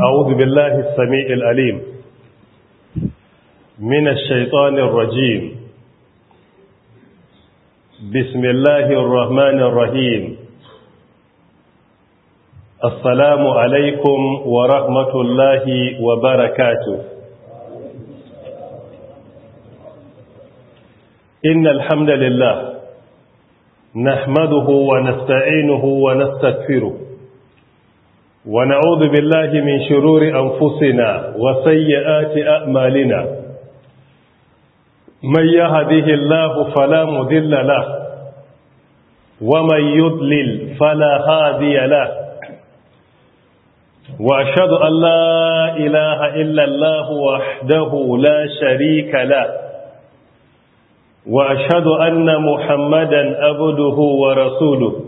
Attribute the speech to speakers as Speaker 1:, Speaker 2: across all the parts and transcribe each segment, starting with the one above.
Speaker 1: أعوذ بالله السميع الأليم من الشيطان الرجيم بسم الله الرحمن الرحيم السلام عليكم ورحمة الله وبركاته إن الحمد لله نحمده ونستعينه ونستغفره ونعوذ بالله من شرور أنفسنا وسيئات أعمالنا من يهده الله فلا مذل له ومن يضلل فلا هادي له وأشهد أن لا إله إلا الله وحده لا شريك له وأشهد أن محمدا أبده ورسوله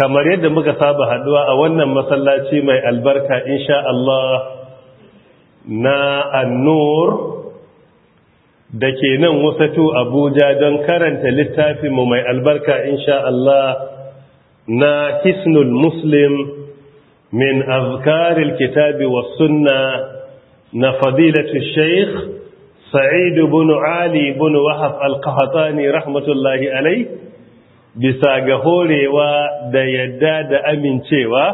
Speaker 1: kamar yadda muka saba haduwa a wannan masallaci mai albarka insha Allah na annur da ke nan wasatu abuja don karanta littafinmu mai albarka insha Allah na kisnul muslim min azkaril kitabi wa sunna na fadilatu sheikh Sa'idu bin ali bin wahab al-qahtani rahmatullahi alayhi bisa ga horewa da yadda da amincewa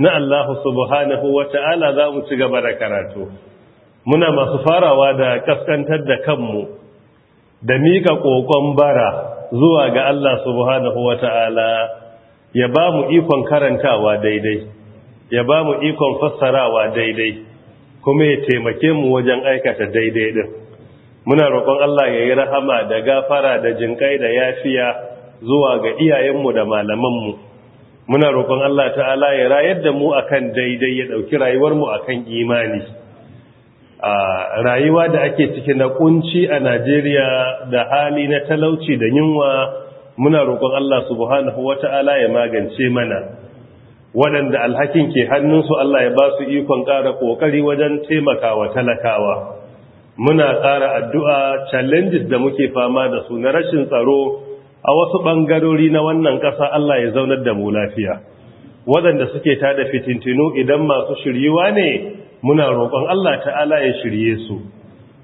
Speaker 1: na Allah subhanahu wa ta'ala za mu ci gaba da karatu. Muna masu farawa da kaskantar da kanmu da mika ƙoƙon bara zuwa ga Allah subhanahu wa ta'ala ya ba mu ikon karantawa daidai, ya ba mu ikon fassarawa daidai, kuma ya taimake mu wajen aikata daidai ɗin. Muna roƙon Allah ya yi rahama da gafara da jinƙai da yafiya. zuwa ga iyayenmu da malamanmu muna roƙon Allah ta'ala ya rayar da mu akan daidai ya ɗauki rayuwarmu akan imani a rayuwa da ake ciki na kunci a Najeriya da hali na talauci da yunwa muna roƙon Allah subhanahu wata'ala ya magance mana waɗanda alhakin ke hannunsu Allah ya ba su ikon ƙara ƙoƙari wajen taimakawa talakawa muna ƙara addu'a challenges da muke fama da su na rashin tsaro a wasu ɓangarori na wannan ƙasa Allah ya zaunar da mu lafiya waɗanda suke tada fitintinu idan masu shiryuwa ne muna roƙon Allah ta'ala ya shirye su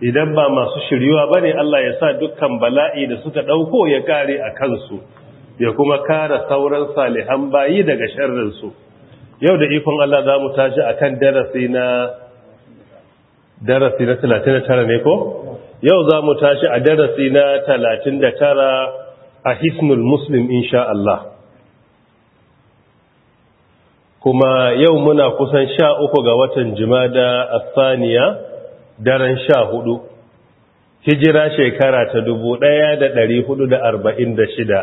Speaker 1: idan ba masu shiryuwa ba ne Allah ya sa dukkan bala'i da suka ɗauko ya ƙare a kansu ya kuma kara sauran salihan bayi daga sharrinsu yau da ikon Allah za mu tashi a kan darasi na darasi na 39 ne ko? yau za mu tashi a darasi na 39 a hisnul muslim insha Allah kuma yau muna kusan sha uku ga watan jimada saniya daren sha hudu hijira shekara ta dubu ɗaya da ɗari hudu da arba'in da shida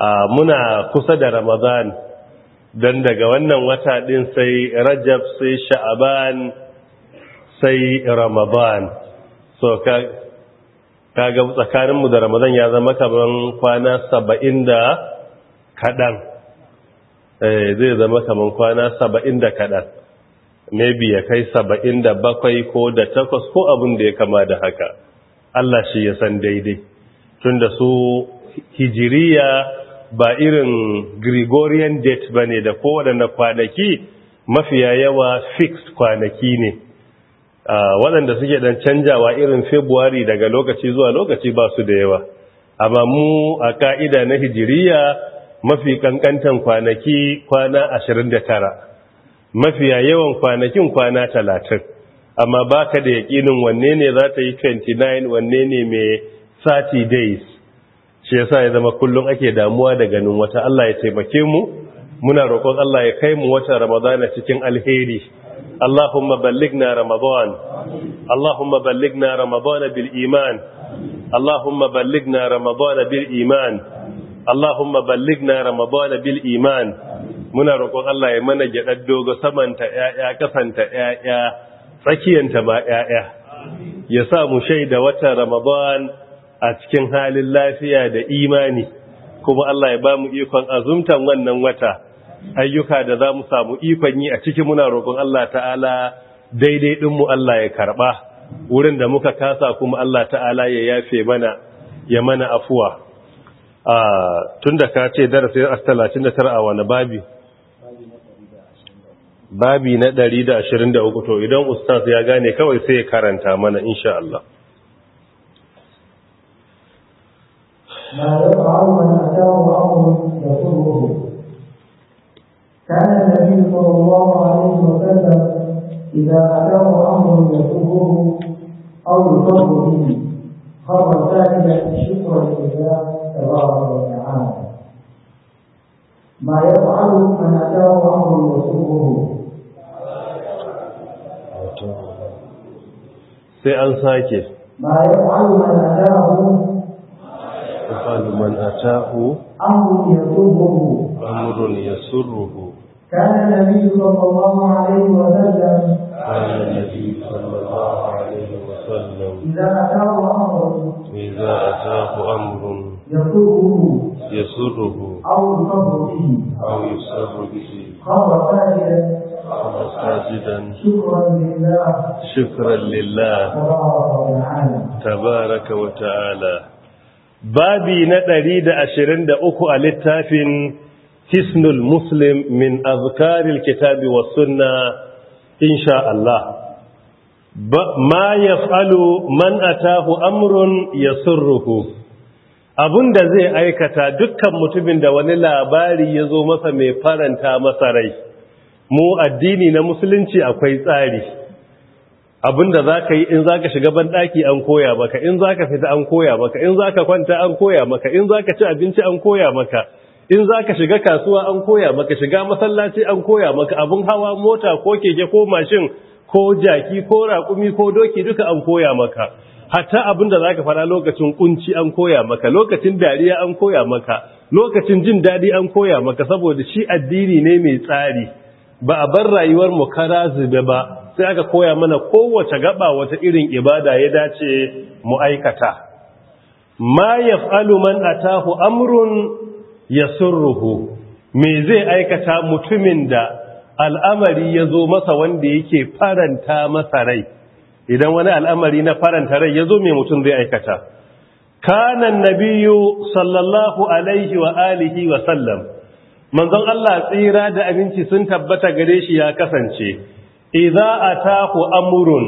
Speaker 1: A muna kusa da ramadan don daga wannan wata ɗin sai rajab sai sha'aban sai ramadan so ka kaga tsakaninmu da ramadan ya zama kaman kwana saba'in da kaɗan eh, zai zama kaman kwana saba'in da kaɗan maybe ya kai saba'in da bakwai ko da takwas ko abin da ya kama da haka Allah shi ya san daidai tun da su hijiriya ba irin gregorian date ba ne da kowane kwanaki mafiya yawa fixed kwanaki ne waɗanda suke ɗan canjawa irin february daga lokaci zuwa lokaci ba su da yawa amma mu a ka'ida na hijiriya mafi kankantan kwanaki kwana 29 mafi yawan kwanakin kwana 30 amma baka da yaƙinin wanne ne za ta yi 29 wanne ne mai 30 days shi yasa ya zama kullum ake damuwa da ganin wata Allah ya taimake mu muna roƙon Allah ya kai mu wata Ramadana cikin alheri اللهم بلغنا رمضان اللهم بلغنا رمضان بالإيمان اللهم بلغنا رمضان بالإيمان اللهم بلغنا رمضان بالإيمان muna roƙon Allah ya mana gyaɗar dogo samanta ‘ya'ya, ƙasanta ‘ya'ya, tsakiyanta ma ‘ya'ya, ya sa mu shaida watan Ramadan a cikin halin lafiya da imani, kuma Allah ya ba mu ikon azumtan wannan wata. ayyuka da za mu samu ikon yi a ciki muna roƙon Allah ta'ala daidai ɗinmu Allah ya karɓa wurin da muka kasa kuma Allah ta'ala ya yafe mana ya mana afuwa tun da ka ce darasin talatin da tara a wani babi babi na 123 to idan ustaz ya gane kawai sai ya karanta mana insha Allah
Speaker 2: ما يفعل من أتاه أمر يسره كان النبي صلى الله عليه وسلم إذا أتاه أمر يسره أو يصر به خر ساجدا شكرا لله تبارك وتعالى ما يفعل من أتاه أمر يسره
Speaker 1: sai an sake ma ya fa'alu man
Speaker 2: atahu
Speaker 1: fa'alu man atahu
Speaker 2: amrun yasurruhu amrun yasurruhu كان النبي صلى الله عليه وسلم كان النبي صلى الله عليه وسلم إذا أتاه أمر إذا أتاه أمر يسره يسره أو يصر به
Speaker 1: أو يسر به قام ساجدا قام ساجدا شكرا
Speaker 2: لله
Speaker 1: شكرا لله تبارك وتعالى babi na 123 أوكو التافين hisnul muslim min azkaril kitabi wa sunna insha Allah ma yaf'alu man atahu amrun Abun da zai aikata dukkan mutumin da wani labari ya zo masa mai faranta masa rai mu addini na musulunci akwai tsari za ka yi in ka shiga banɗaki an koya maka in ka fita an koya maka in ka kwanta an koya maka in ka ci abinci an koya maka in za ka shiga kasuwa an koya maka shiga masallaci an koya maka abin hawa mota ko keke ko mashin ko jaki ko raƙumi ko doki duka an koya maka hatta abin da za ka fara lokacin kunci an koya maka lokacin dariya an koya maka lokacin jin daɗi an koya maka saboda shi addini ne mai tsari ba a bar rayuwar mu kara zube ba sai aka koya mana kowace gaba wata irin ibada ya dace mu aikata ma yaf'alu man atahu amrun yasurruhu me zai aikata mutumin da al'amari ya zo masa wanda yake faranta masa rai idan wani al'amari na faranta rai ya zo mai mutum zai aikata kanan nabiyu sallallahu alaihi wa alihi wa sallam manzon Allah tsira da abinci sun tabbata gare shi ya kasance a atahu amurun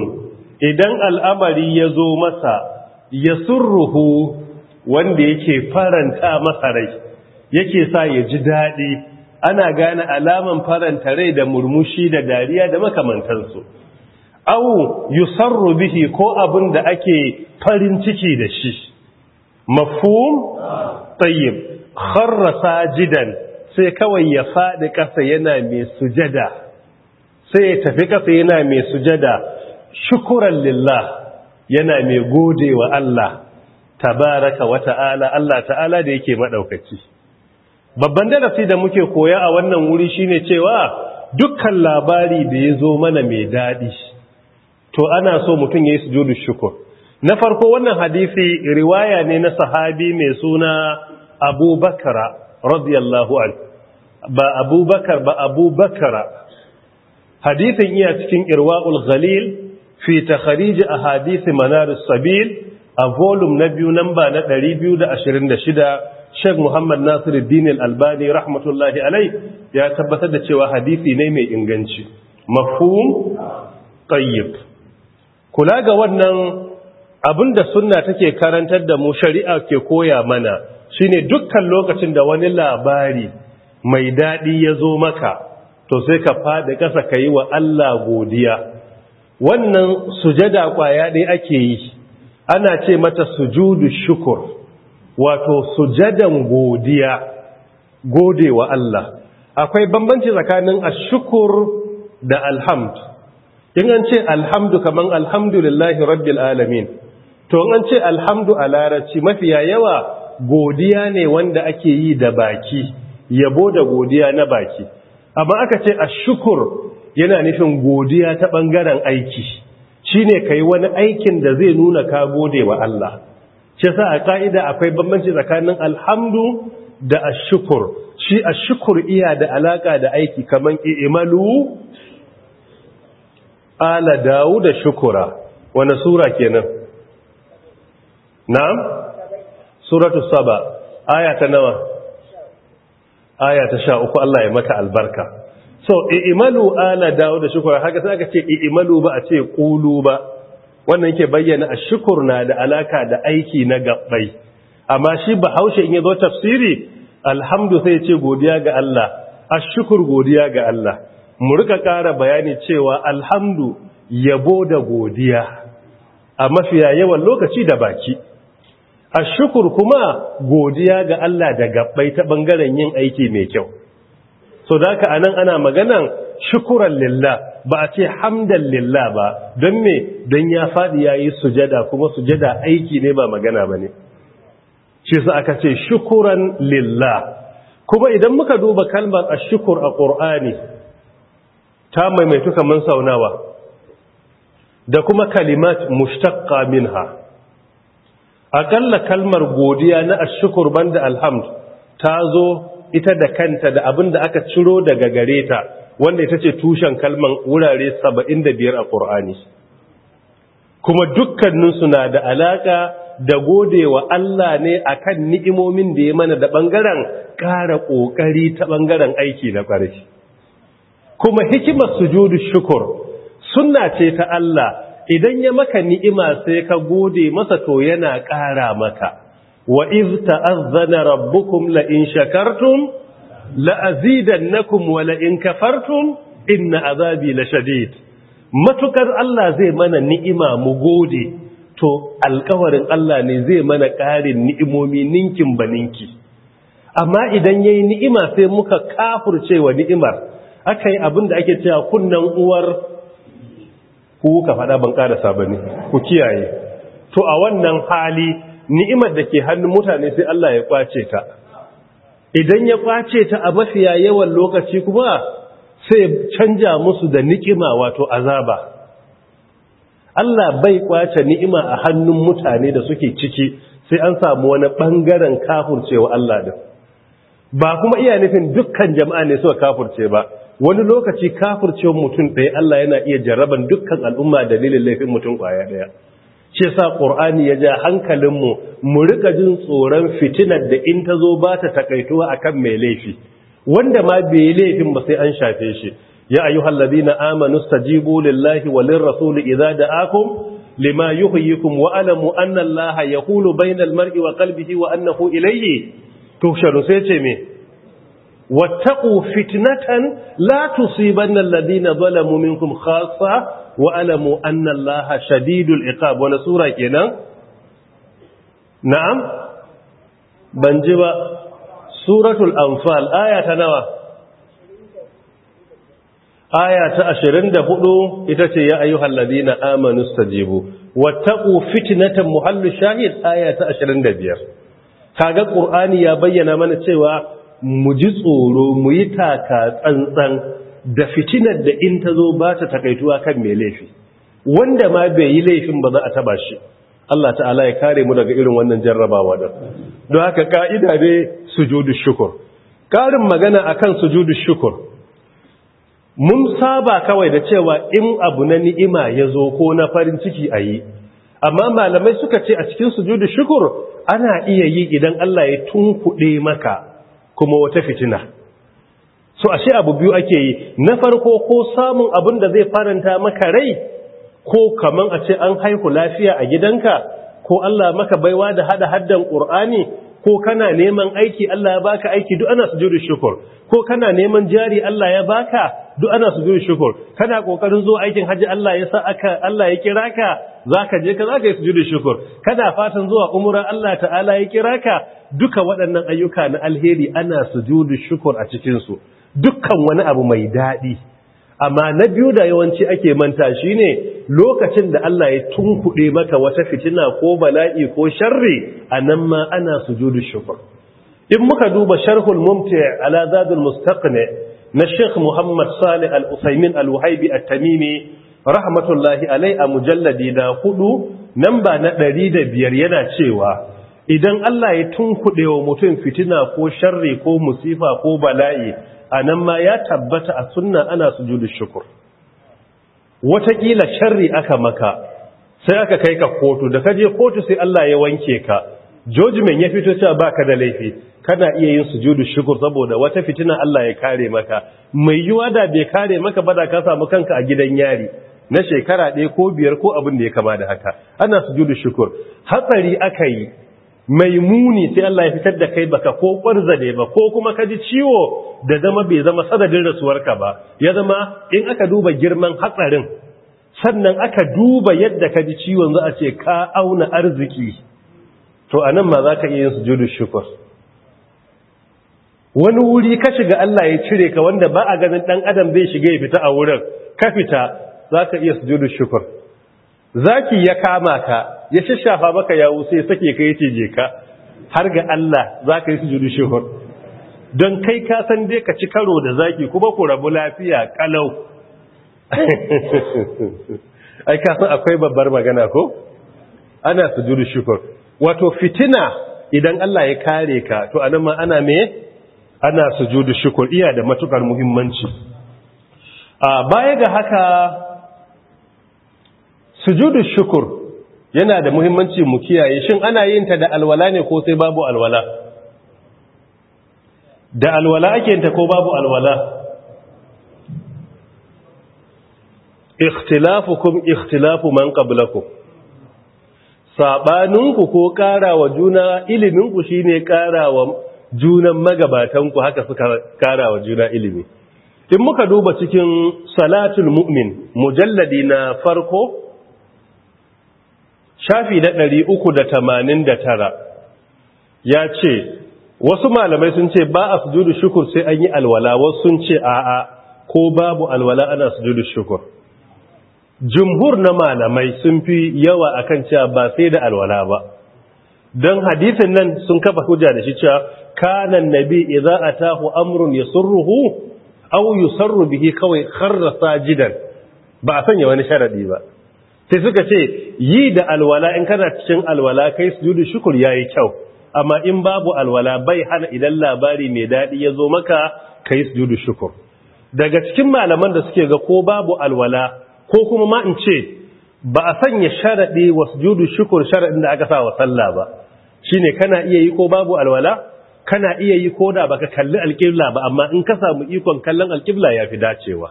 Speaker 1: idan al'amari ya zo masa yasurruhu wanda yake faranta masa rai yake sa ya ji daɗi ana gane alaman faranta rai da murmushi da dariya da makamantansu au yusarru bihi ko abin da ake farin ciki da shi mafhum tayyib kharra sajidan sai kawai ya fadi kasa yana mai sujada sai ya tafi kasa yana mai sujada shukuran lillah yana mai godewa Allah tabaraka wa ta'ala Allah ta'ala da yake madaukaki babban darasi da muke koya a wannan wuri shine cewa dukkan labari da ya zo mana mai daɗi to ana so mutum ya yi sujudu shukur na farko wannan hadisi riwaya ne na sahabi mai suna abubakara radiyallahu an ba abubakar ba abubakara hadithin iya cikin irwa'ul ghalil fi takhariji a hadisi manar sabil a volume na biyu namba na 226 Sheikh Muhammad Nasiruddin Al-Albani rahmatullahi alai ya tabbatar da cewa hadisi ne mai inganci mafhum tayyib kula ga wannan abinda sunna take karantar da mu shari'a ke koya mana shine dukkan lokacin da wani labari mai dadi ya zo maka to sai ka fada kasa kai wa Allah godiya wannan sujada kwaya dai ake yi ana ce mata sujudu shukr wato sujadan godiya gode wa Allah akwai bambanci tsakanin ashukur da alhamd in an ce alhamdu kaman alhamdulillahi rabbil alamin to an ce alhamdu a larabci mafiya yawa godiya ne wanda ake yi da baki yabo da godiya na baki amma aka ce ashukur yana nufin godiya ta bangaren aiki shine kai wani aikin da zai nuna ka gode wa Allah shi sa a ka'ida akwai bambanci tsakanin alhamdu da ashukur shi ashukur iya da alaƙa da aiki kaman i'malu ala dawu da shukura wani sura kenan na'am suratu saba aya ta nawa aya ta sha uku Allah ya mata albarka so i'malu ala dawu da shukura haka sai aka ce i'malu ba a ce ƙulu ba wannan ke bayyana a na da alaka da aiki na gabbai amma shi bahaushe in ya zo tafsiri alhamdu sai ce godiya ga Allah ashukur godiya ga Allah mu rika ƙara bayani cewa alhamdu yabo da godiya a mafiya yawan lokaci da baki ashukur kuma godiya ga Allah da gabbai ta bangaren yin aiki mai kyau so da haka anan ana maganan shukuran lillah ba a ce hamdan lillah ba don me don ya faɗi ya yi sujada kuma sujada aiki ne ba magana ba ne shi su aka ce shukuran lillah kuma idan muka duba kalmar a shukur a ƙor'ani ta maimaitu kamar saunawa da kuma kalimat mushtaqqa minha aƙalla kalmar godiya na ashukur banda alhamd ta zo ita da kanta da abin da aka ciro daga gare ta wanda ita ce tushen kalman wurare 75 a ƙur'ani kuma dukkanin na da alaƙa da godewa Allah ne akan ni'imomin da ya mana da ɓangaren ƙara ƙoƙari ta ɓangaren aiki na ƙarshe kuma hikimar sujudu shukur suna ce ta Allah idan ya maka ni'ima sai ka gode masa to yana ƙara maka wa iz ta'azzana rabbukum la in shakartum la'azidannakum wa la in kafartum inna azabi shadid matukar Allah zai mana ni'ima mu gode to alkawarin Allah ne zai mana ƙarin ni'imomi ninkin ba ninki? amma idan yayi ni'ima sai muka kafurce wa ni'imar akai abin da ake cewa kunnan uwar ku ka faɗa ban ƙara sabani ku kiyaye to a wannan hali ni'imar da ke hannun mutane sai Allah ya kwace ta idan ya kwace ta a mafiya yawan lokaci kuma sai canja musu da ni'ima wato azaba Allah bai kwace ni'ima a hannun mutane da suke ciki sai an samu wani bangaren kafurcewa Allah din ba kuma iya nufin dukkan jama'a ne suka kafurce ba wani lokaci kafurcewa mutum ɗaya Allah yana iya jarraban dukkan al'umma dalilin laifin mutum ƙwaya ɗaya Ce sa ƙur'ani ya ja hankalinmu mu rika jin tsoron fitinar da in ta zo ba ta takaituwa a kan mai laifi wanda ma bai laifin ba sai an shafe shi ya ayu hallabi na amanu stajibu lillahi walin rasulu idza da akum lima yuhyikum wa alamu anna allaha yaqulu bainal mar'i wa qalbihi wa annahu ilayhi sai ce me wattaqu fitnatan la tusibanna alladhina zalamu minkum khassa wa alamu anna allaha shadidul iqab wala sura na'am ban ji ba suratul anfal aya ta nawa aya ta 24 ita ce ya ayyuhal ladina amanu stajibu wattaqu fitnatan muhalli shahid aya ta 25 kaga qur'ani ya bayyana mana cewa mu ji tsoro mu yi taka tsantsan da fitinar da in ta zo ba ta takaituwa kan mai laifi wanda ma bai yi laifin ba za a taba shi Allah ta'ala ya kare mu daga irin wannan jarrabawa da don haka ka'ida ne sujudu shukur karin magana akan sujudu shukur mun saba kawai da cewa in abu na ni'ima ya zo ko na farin ciki a yi amma malamai suka ce a cikin sujudu shukur ana iya yi idan Allah ya tunkuɗe maka kuma wata fitina so ashe abu biyu ake yi na farko ko samun abin da zai faranta maka rai ko kaman a ce an haihu lafiya a gidanka ko Allah maka baiwa da hada haddan Qur'ani ko kana neman aiki Allah ya baka aiki duk ana sujudu shukr ko kana neman jari Allah ya baka duk ana sujudu shukr kana kokarin zuwa aikin haji Allah ya sa aka Allah ya kira ka zaka je ka za ka yi sujudu shukur. kada fatan zuwa umra Allah ta'ala ya kira ka duka waɗannan ayyuka na alheri ana sujudu shukur a cikin su dukkan wani abu mai daɗi. amma na biyu da yawanci ake manta shine lokacin da Allah ya tunkuɗe maka wata fitina ko bala'i ko sharri anan ma ana sujudu shukur. in muka duba sharhul mumti ala zadul mustaqni na Sheikh Muhammad Salih Al-Usaimin Al-Wahibi At-Tamimi rahmatullahi alai a mujalladi na hudu nan ba na ɗari da biyar yana cewa idan Allah ya tunkuɗe wa mutum fitina ko sharri ko musifa ko bala'i a nan ma ya tabbata a sunna ana su sujudu shukur wataƙila sharri aka maka sai aka kai ka kotu da kaje kotu sai Allah ya wanke ka jojimen ya fito cewa baka da laifi kana iya yin sujudu shukur saboda wata fitina Allah ya kare maka mai yiwa da bai kare maka ba da ka samu kanka a gidan yari na shekara ɗaya ko biyar ko abin da ya kama da haka ana sujudu shukur hatsari aka yi mai muni sai Allah ya fitar da kai baka ko ne ba ko kuma ka ji ciwo da zama bai zama sadadin rasuwarka ba ya zama in aka duba girman hatsarin sannan aka duba yadda ka ji ciwon za a ce ka auna arziki to a nan ma za ka iya yin sujudu shukur wani wuri ka shiga Allah ya cire ka wanda ba a ganin dan adam zai shiga ya fita a wurin ka fita za ka iya sujudu shukur zaki ya kama ka ya shashafa maka yawo sai sake ka yace je ka har ga Allah za ka yi sujudu shukur don kai ka san dai ka ci karo da zaki kuma ku rabu lafiya kalau ai ka san akwai babbar magana ko ana sujudu shukur wato fitina idan Allah ya kare ka to anan ma ana me ana sujudu shukur iya da matukar muhimmanci a baya ga haka sujudu shukur yana da muhimmanci mu kiyaye shin ana yin ta da alwala ne ko sai babu alwala da alwala ake yin ta ko babu alwala ikhtilafukum ikhtilafu man qablakum sabaninku ko karawa juna iliminku shine karawa junan magabatanku haka suka karawa juna ilimi in muka duba cikin salatul mu'min mujalladi na farko shafi na ɗari uku da tamanin da tara ya ce wasu malamai sun ce ba a sujudu shukur sai an yi alwala wasu sun ce a'a ko babu alwala ana sujudu shukur jumhur na malamai sun fi yawa akan cewa ba sai da alwala ba don hadisin nan sun kafa hujja da shi cewa kanan nabi idza atahu amrun yasurruhu aw yusarru bihi kawai kharra sajidan ba a sanya wani sharadi ba sai suka ce yi da alwala in kana cikin alwala kai sujudu shukr yayi kyau amma in babu alwala bai hana idan labari mai daɗi ya zo maka kai sujudu Shukur. daga cikin malaman da suke ga ko babu alwala ko kuma ma in ce ba a sanya sharadi wa sujudu shukr sharadin da aka sa wa sallah ba shine kana iya yi ko babu alwala kana iya yi ko da baka kalli alqibla ba amma in ka samu ikon kallon ya fi dacewa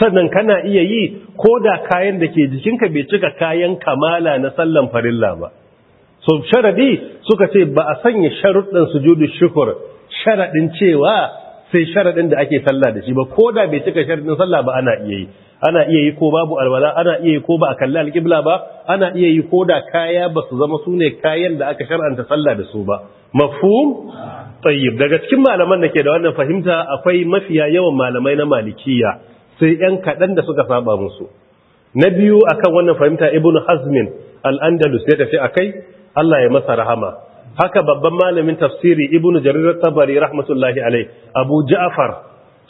Speaker 1: sannan kana iya yi ko da kayan da ke jikinka bai cika kayan kamala na sallan farilla ba so sharadi suka ce ba a sanya sharuɗin sujudu shukur sharaɗin cewa sai sharaɗin da ake sallah da shi ba ko da bai cika sharadin sallah ba ana iya yi ana iya yi ko babu alwala ana iya yi ko ba a kalli alƙibla ba ana iya yi ko da kaya ba su zama su ne kayan da aka shar'anta sallah da su ba mafhum tayyib daga cikin malaman da ke da wannan fahimta akwai mafiya yawan malamai na malikiya sai ‘yan kaɗan da suka saba musu na biyu akan wannan fahimta ibn hazmin al'andalus ya tafi a kai Allah ya masa rahama haka babban malamin tafsiri ibn jarir tabari rahmatullahi alai abu ja'far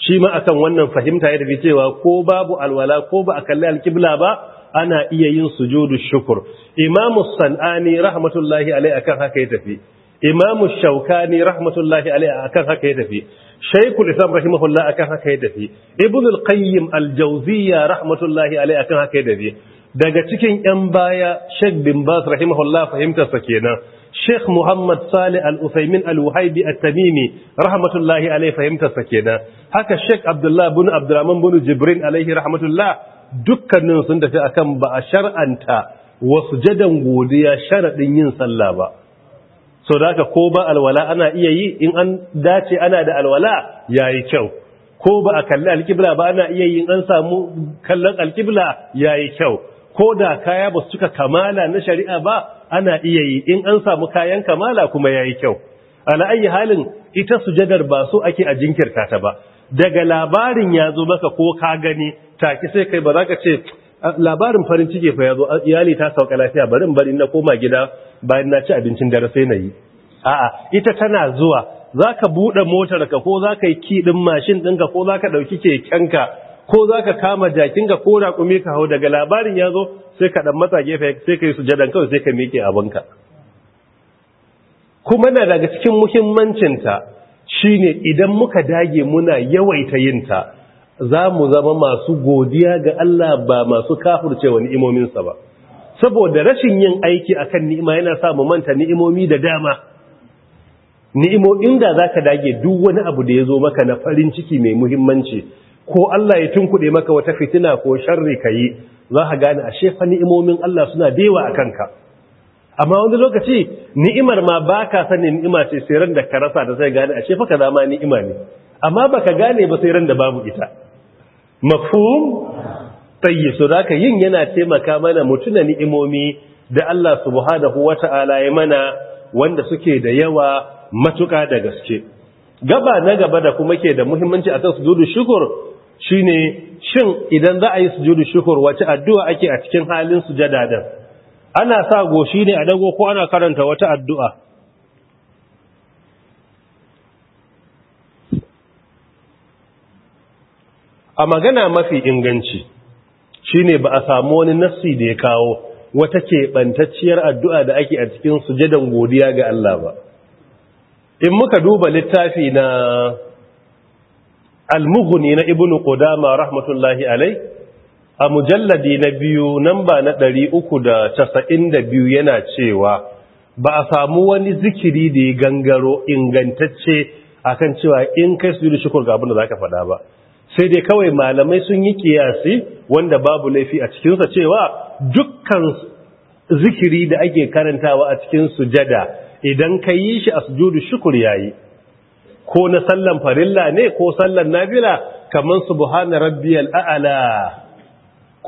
Speaker 1: shi ma akan wannan fahimta ya tafi cewa ko babu alwala ko ba a kalli alkibla ba ana iya yin sujudu shukur imamu san'ani rahmatullahi alai kan haka ya tafi imamu shaukani rahmatullahi alai akan haka ya tafi shaikul islam rahimahullah akan haka ya dafi ibn al-qayyim al-jawziyya rahmatullahi alaihi akan haka ya dafi. daga cikin yan baya sheikh bin bas rahimahullah fahimtar sa kenan sheikh muhammad salih al-usaymin al-wahibi at-tamimi rahmatullahi alaihi fahimtar sa kenan haka sheikh abdullah bin abdurrahman bin jibrin alaihi rahmatullah dukkanin sun tafi akan ba a shar'anta wasu jadan godiya sharadin yin sallah ba so da ko ba alwala ana iya yi in an dace ana da alwala ya yi kyau ko ba a kalli alkibla ba ana iya yi in an samu kallon alkibla yi kyau ko da kaya ba suka kamala na shari'a ba ana iya yi in an samu kayan kamala kuma ya yi kyau ala halin ita sujadar ba so ake a jinkirta ta ba daga labarin ya zo maka ko ka gani take sai kai ba za ka ce labarin farin ciki fa yazo iyali ta sauka lafiya Barin bari na koma gida bayan na ci abincin dare sai nayi a'a ita tana zuwa zaka bude motar ka ko zaka yi kidin mashin ɗinka ko zaka dauki ka ko zaka kama ka ko raƙumi ka hau daga labarin yazo sai ka dan matsa gefe sai kai sujadan kawai sai ka miƙe abin ka. kuma na daga cikin muhimmancinta shine idan muka dage muna yawaita yin ta za mu zama masu godiya ga Allah ba masu kafurce wani ni'imominsa ba saboda rashin yin aiki a kan ni'ima yana sa mu manta ni'imomi da dama ni'imo inda ka dage duk wani abu da ya zo maka na farin ciki mai muhimmanci ko Allah ya tunkuɗe maka wata fitina ko sharri yi, za ka gane a shefa ni'imomin Allah suna da yawa akan ka amma wani lokaci ni'imar ma baka sanin ni'ima ce sai ran da ka rasa da sai gane ashe shefa zama zama ni'ima ne amma baka gane ba sai ran da babu ita mafhum tayi so da yin yana taimaka mana mutuna ni'imomi da Allah subhanahu wata'ala ya mana wanda suke da yawa matuka da gaske gaba na gaba da kuma ke da muhimmanci a sujudu shukur shine shin idan za a yi sujudu shukur wace addu'a ake a cikin halin sujada dan ana sa goshi ne a dago ko ana karanta wata addu'a a magana mafi inganci shi ne ba a samu wani nassi da ya kawo wata keɓantacciyar addu'a da ake a cikin sujadan godiya ga Allah ba in muka duba littafi na almuguni na ibnu qudama rahmatullahi alai a mujalladi na biyu namba na ɗari uku da da casa'in biyu yana cewa ba a samu wani zikiri da ya gangaro ingantacce a kan cewa in kai su yi da shukur ga abin da zaka faɗa ba sai dai kawai malamai sun yi kiyasi wanda babu laifi a cikinsa cewa dukkan zikiri da ake karantawa a cikin sujada idan ka yi shi a sujudu shukur yayi ko na sallan farilla ne ko sallan nafila kamar subhana rabbiyal a'la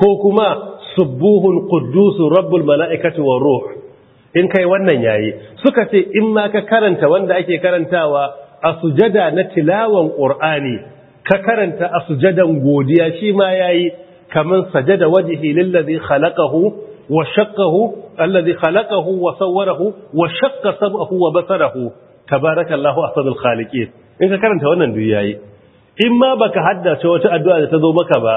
Speaker 1: ko kuma subuhun quddus rabbul mala'ikati war ruh in kai wannan yayi suka ce in ma ka karanta wanda ake karantawa a sujada na tilawan qur'ani ka karanta a sujadan godiya shi ma yayi kaman sajada wajhi lillazi khalaqahu wa shaqqahu allazi khalaqahu wa sawwarahu wa shaqqa sam'ahu wa basarahu tabarakallahu ahsanul khaliƙe. in ka karanta wannan duk yayi in ma baka haddace wata addu'a da ta zo maka ba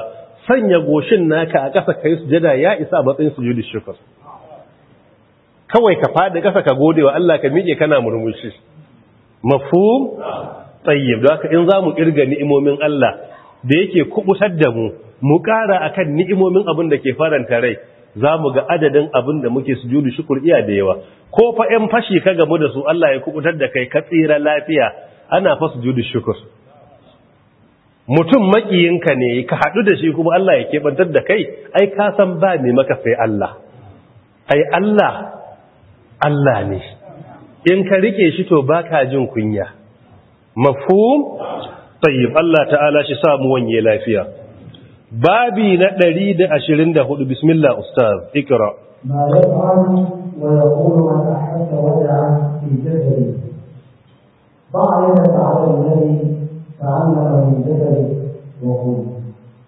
Speaker 1: sanya goshin naka a ƙasa yi sujada ya isa a matsayin sujudi shukr kawai ka faɗi ƙasa ka gode wa Allah ka miƙe kana murmushi mafhum tayyib da haka in za mu kirga ni'imomin Allah da yake kubutar da mu mu ƙara akan ni'imomin abin da ke faranta rai za mu ga adadin abin da muke sujudu shukur iya da yawa ko fa 'yan fashi ka gamu da su Allah ya kubutar da kai ka tsira lafiya ana fa sujudu shukur mutum makiyinka ne ka haɗu da shi kuma Allah ya kebantar da kai ai ka san ba ne maka sai Allah ai Allah Allah ne in ka rike shi to baka jin kunya mafhum tayyib Allah ta'ala shi samu wanye lafiya babi na 124 bismillah ustaz ikra
Speaker 2: ma yaf'alu wa yaqulu wa tahta wada'a fi jadali ba'ida ta'ala alladhi ta'allama min jadali wa qul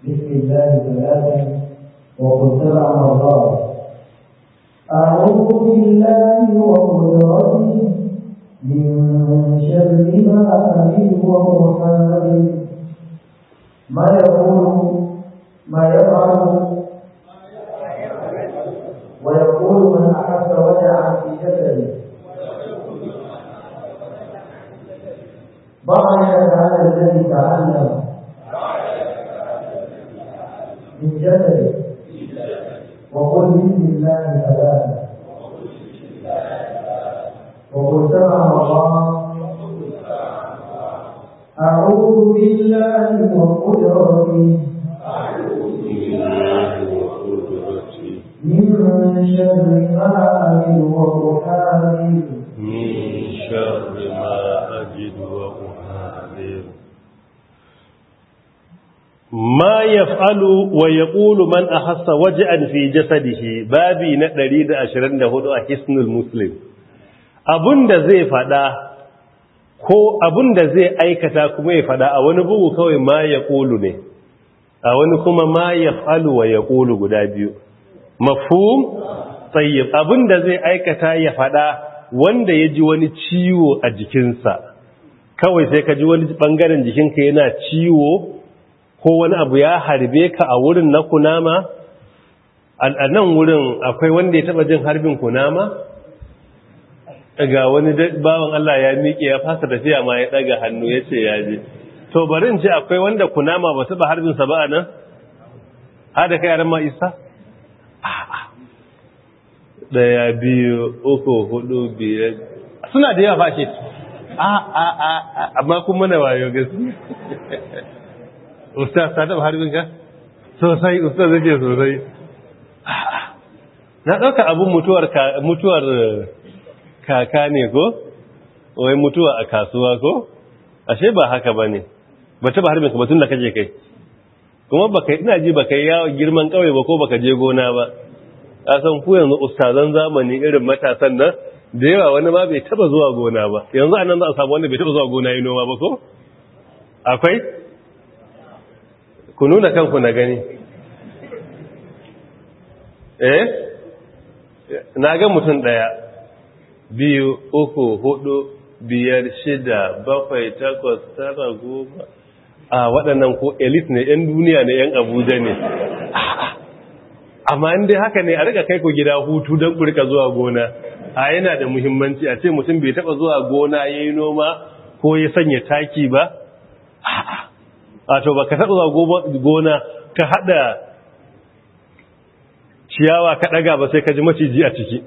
Speaker 2: bismillah thalathan wa qul sab'a marrat a'udhu billahi wa qudratihi Juan Juan
Speaker 1: yaqulu man ahassa waj'an fi jasadihi babi na 124 a hisnul muslim abunda zai fada ko abunda zai aikata kuma ya fada a wani bugu kawai ma yaqulu ne a wani kuma ma yaf'alu wa yaqulu guda biyu mafhum tayyib abunda zai aikata ya fada wanda yaji wani ciwo a jikinsa kawai sai ka ji wani bangaren jikinka yana ciwo ko wani abu ya harbe ka a wurin na kunama a nan wurin akwai wanda ya taba jin harbin kunama ga wani bawan Allah ya miƙe ya fasa tafiya ma ya ɗaga hannu ya ce ya je to barin ce akwai wanda kunama ba su ba harbinsa ba a nan haɗa kai yaran ma'isa ɗaya biyu uku hudu biyar suna da yawa fashe
Speaker 2: a a a
Speaker 1: amma kuma na wayo gasu ustaz ta taɓa harbin ka sosai ustaz zai sosai na ɗauka abin mutuwar kaka ne ko wai mutuwa a kasuwa ko ashe ba haka ba ne ba taba harbin ka batun da kaje kai kuma baka ina ji baka yi girman kawai ba ko baka je gona ba a san ku yanzu ustazan zamani irin matasan nan da yawa wani ma bai taba zuwa gona ba yanzu anan za a samu wanda bai taba zuwa gona yi noma ba ko akwai ku nuna kanku na gani eh na ga mutum ɗaya biyu uku hudu biyar shida bakwai takwas tara goma a waɗannan ko elite ne 'yan duniya ne 'yan abuja ne amma inda haka ne a rika kai ku gida hutu don ku rika zuwa gona a yana da muhimmanci a ce mutum bai taba zuwa gona ya yi noma ko ya sanya taki ba a'a a to ba ka taɓa gona ka haɗa ciyawa ka ɗaga ba sai ka ji maciji a ciki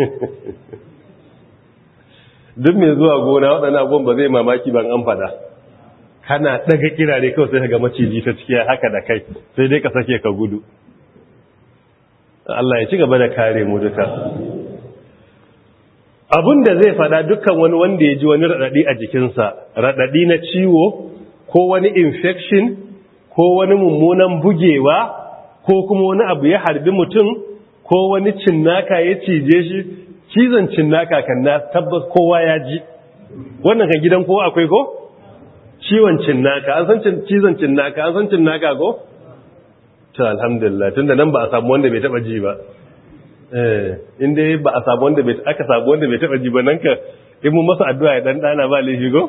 Speaker 1: duk mai zuwa gona waɗanda abubuwan ba zai mamaki ban an fada kana ɗaga kirare kawai sai ka ga maciji ta ciki haka da kai sai dai ka sake ka gudu Allah ya ci gaba da kare mu duka abin da zai fada dukkan wani wanda ya ji wani raɗaɗi a jikinsa raɗaɗi na ciwo ko wani infection ko wani mummunan bugewa ko kuma wani abu ya harbi mutum ko wani cinnaka ya cije shi cizon cinnaka kan na tabbas kowa ya ji wannan kan gidan kowa akwai ko ciwon cinnaka an san cizon cinnaka an san cinnaka ko ta alhamdulillah tunda nan ba a samu wanda bai taba ji ba Eh, in dai ba a samu wanda bai aka ji ba nan ka yi masa addu'a ya ɗanɗana ba laifi go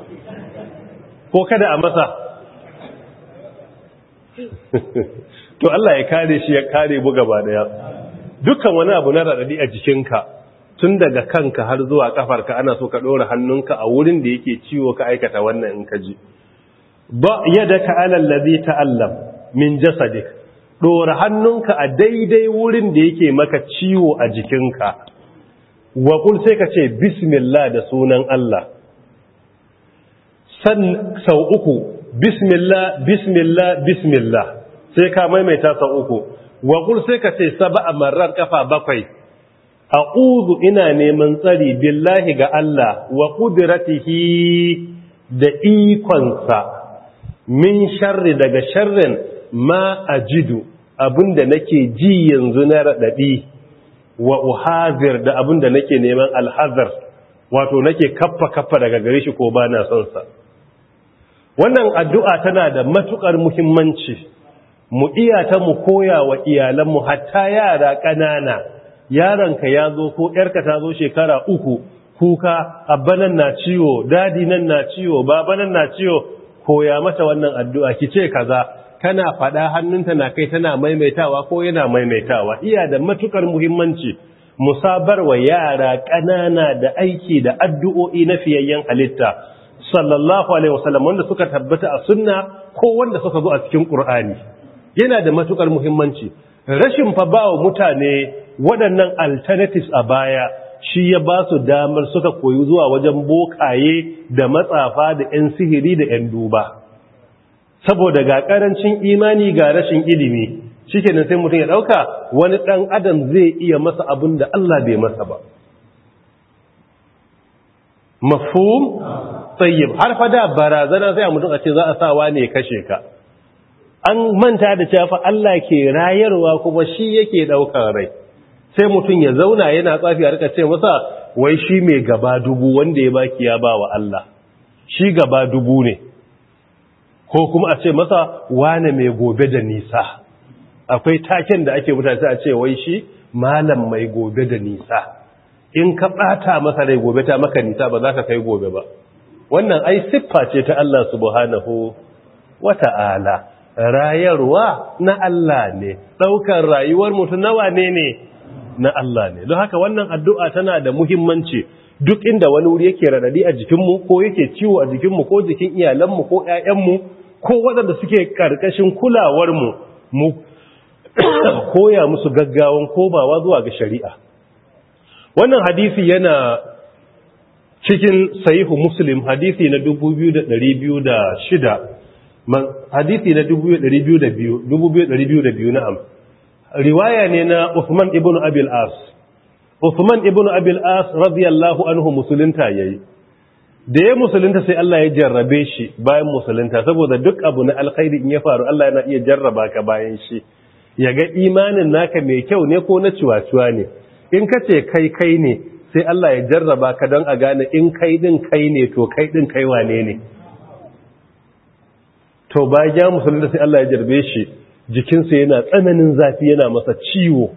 Speaker 1: ko kada a masa to Allah ya kare shi ya kare mu gaba daya dukkan wani abu na raɗaɗi a jikinka tun daga kanka har zuwa kafarka ana so ka ɗora hannunka a wurin da yake ciwo ka aikata wannan in ka ji ba yadaka alal ta ta'allam min Sadiq. ɗora hannunka a daidai wurin da yake maka ciwo a jikinka wa sai ka ce bismillah da sunan Allah san sau uku bismillah bismillah bismillah sai ka maimaita sau uku wa sai ka ce sab'a marar kafa bakwai A ƙuzu ina neman tsari billahi ga Allah wa ƙudiratihi da ikonsa min sharri daga sharrin ma ajidu da nake ji yanzu na raɗaɗi wa uhazir da da nake neman alhazar wato nake kaffa kaffa daga gare shi ko ba na son sa wannan addu'a tana da matukar muhimmanci mu iya ta mu koya wa iyalanmu hatta yara ƙanana yaranka ya zo ko ‘yarka ta zo shekara uku kuka abbanan na ciwo dadi nan na ciwo babanan na ciwo koya mata wannan addu'a kice kaza tana fada hannunta na kai tana maimaitawa ko yana maimaitawa iya da matukar muhimmanci musabar wa yara ƙanana da aiki da addu'o'i na fiyayyen halitta sallallahu alaihi wasallam wanda suka tabbata a sunna ko wanda suka zo a cikin qur'ani yana da matukar muhimmanci rashin fa ba wa mutane waɗannan alternatives a baya shi ya ba su damar suka koyi zuwa wajen bokaye da matsafa da 'yan sihiri da 'yan duba saboda ga ƙarancin imani ga rashin ilimi nan sai mutum ya ɗauka, wani ɗan adam zai iya masa abin da Allah bai masa ba mafum tsayyib har fada barazana sai mutum a ce za a sawa ne kashe ka an manta da cewa Allah ke rayarwa kuma shi yake daukar rai sai mutum ya zauna yana tsafi a rika ce masa wai shi mai gaba dubu wanda ya baki ya ba wa Allah shi gaba dubu ne ko kuma a ce masa wane mai gobe da nisa akwai taken da ake mutane a ce wai shi malam mai gobe da nisa in ka bata masa rai gobe ta maka nisa ba za ka kai gobe ba wannan ai siffa ce ta Allah subhanahu wata'ala rayarwa na Allah ne daukar rayuwar mutum nawa ne ne na Allah ne don haka wannan addu'a tana da muhimmanci duk inda wani wuri yake radadi a jikinmu ko yake ciwo a jikinmu ko jikin iyalanmu ko ƴaƴanmu. ko waɗanda suke ƙarƙashin kulawarmu mu koya musu gaggawan kobawa zuwa ga shari'a wannan hadisi yana cikin sahihu muslim hadisi na 2206 hadisi na 2202 na na'am riwaya ne na Uthman ibn Abil As Uthman ibn Abil As radiyallahu anhu musulunta yayi da ya musulunta sai Allah ya jarrabe shi bayan musulunta saboda duk abu na alkhairi in ya faru Allah yana iya jarraba ka bayan shi ya ga imanin naka mai kyau ne ko na ciwaciwa ne in ka ce kai kai ne sai Allah ya jarraba ka don a gane in kai din kai ne to kai din kai wane ne to bayan ya musulunta sai Allah ya jarrabe shi jikinsa yana tsananin zafi yana masa ciwo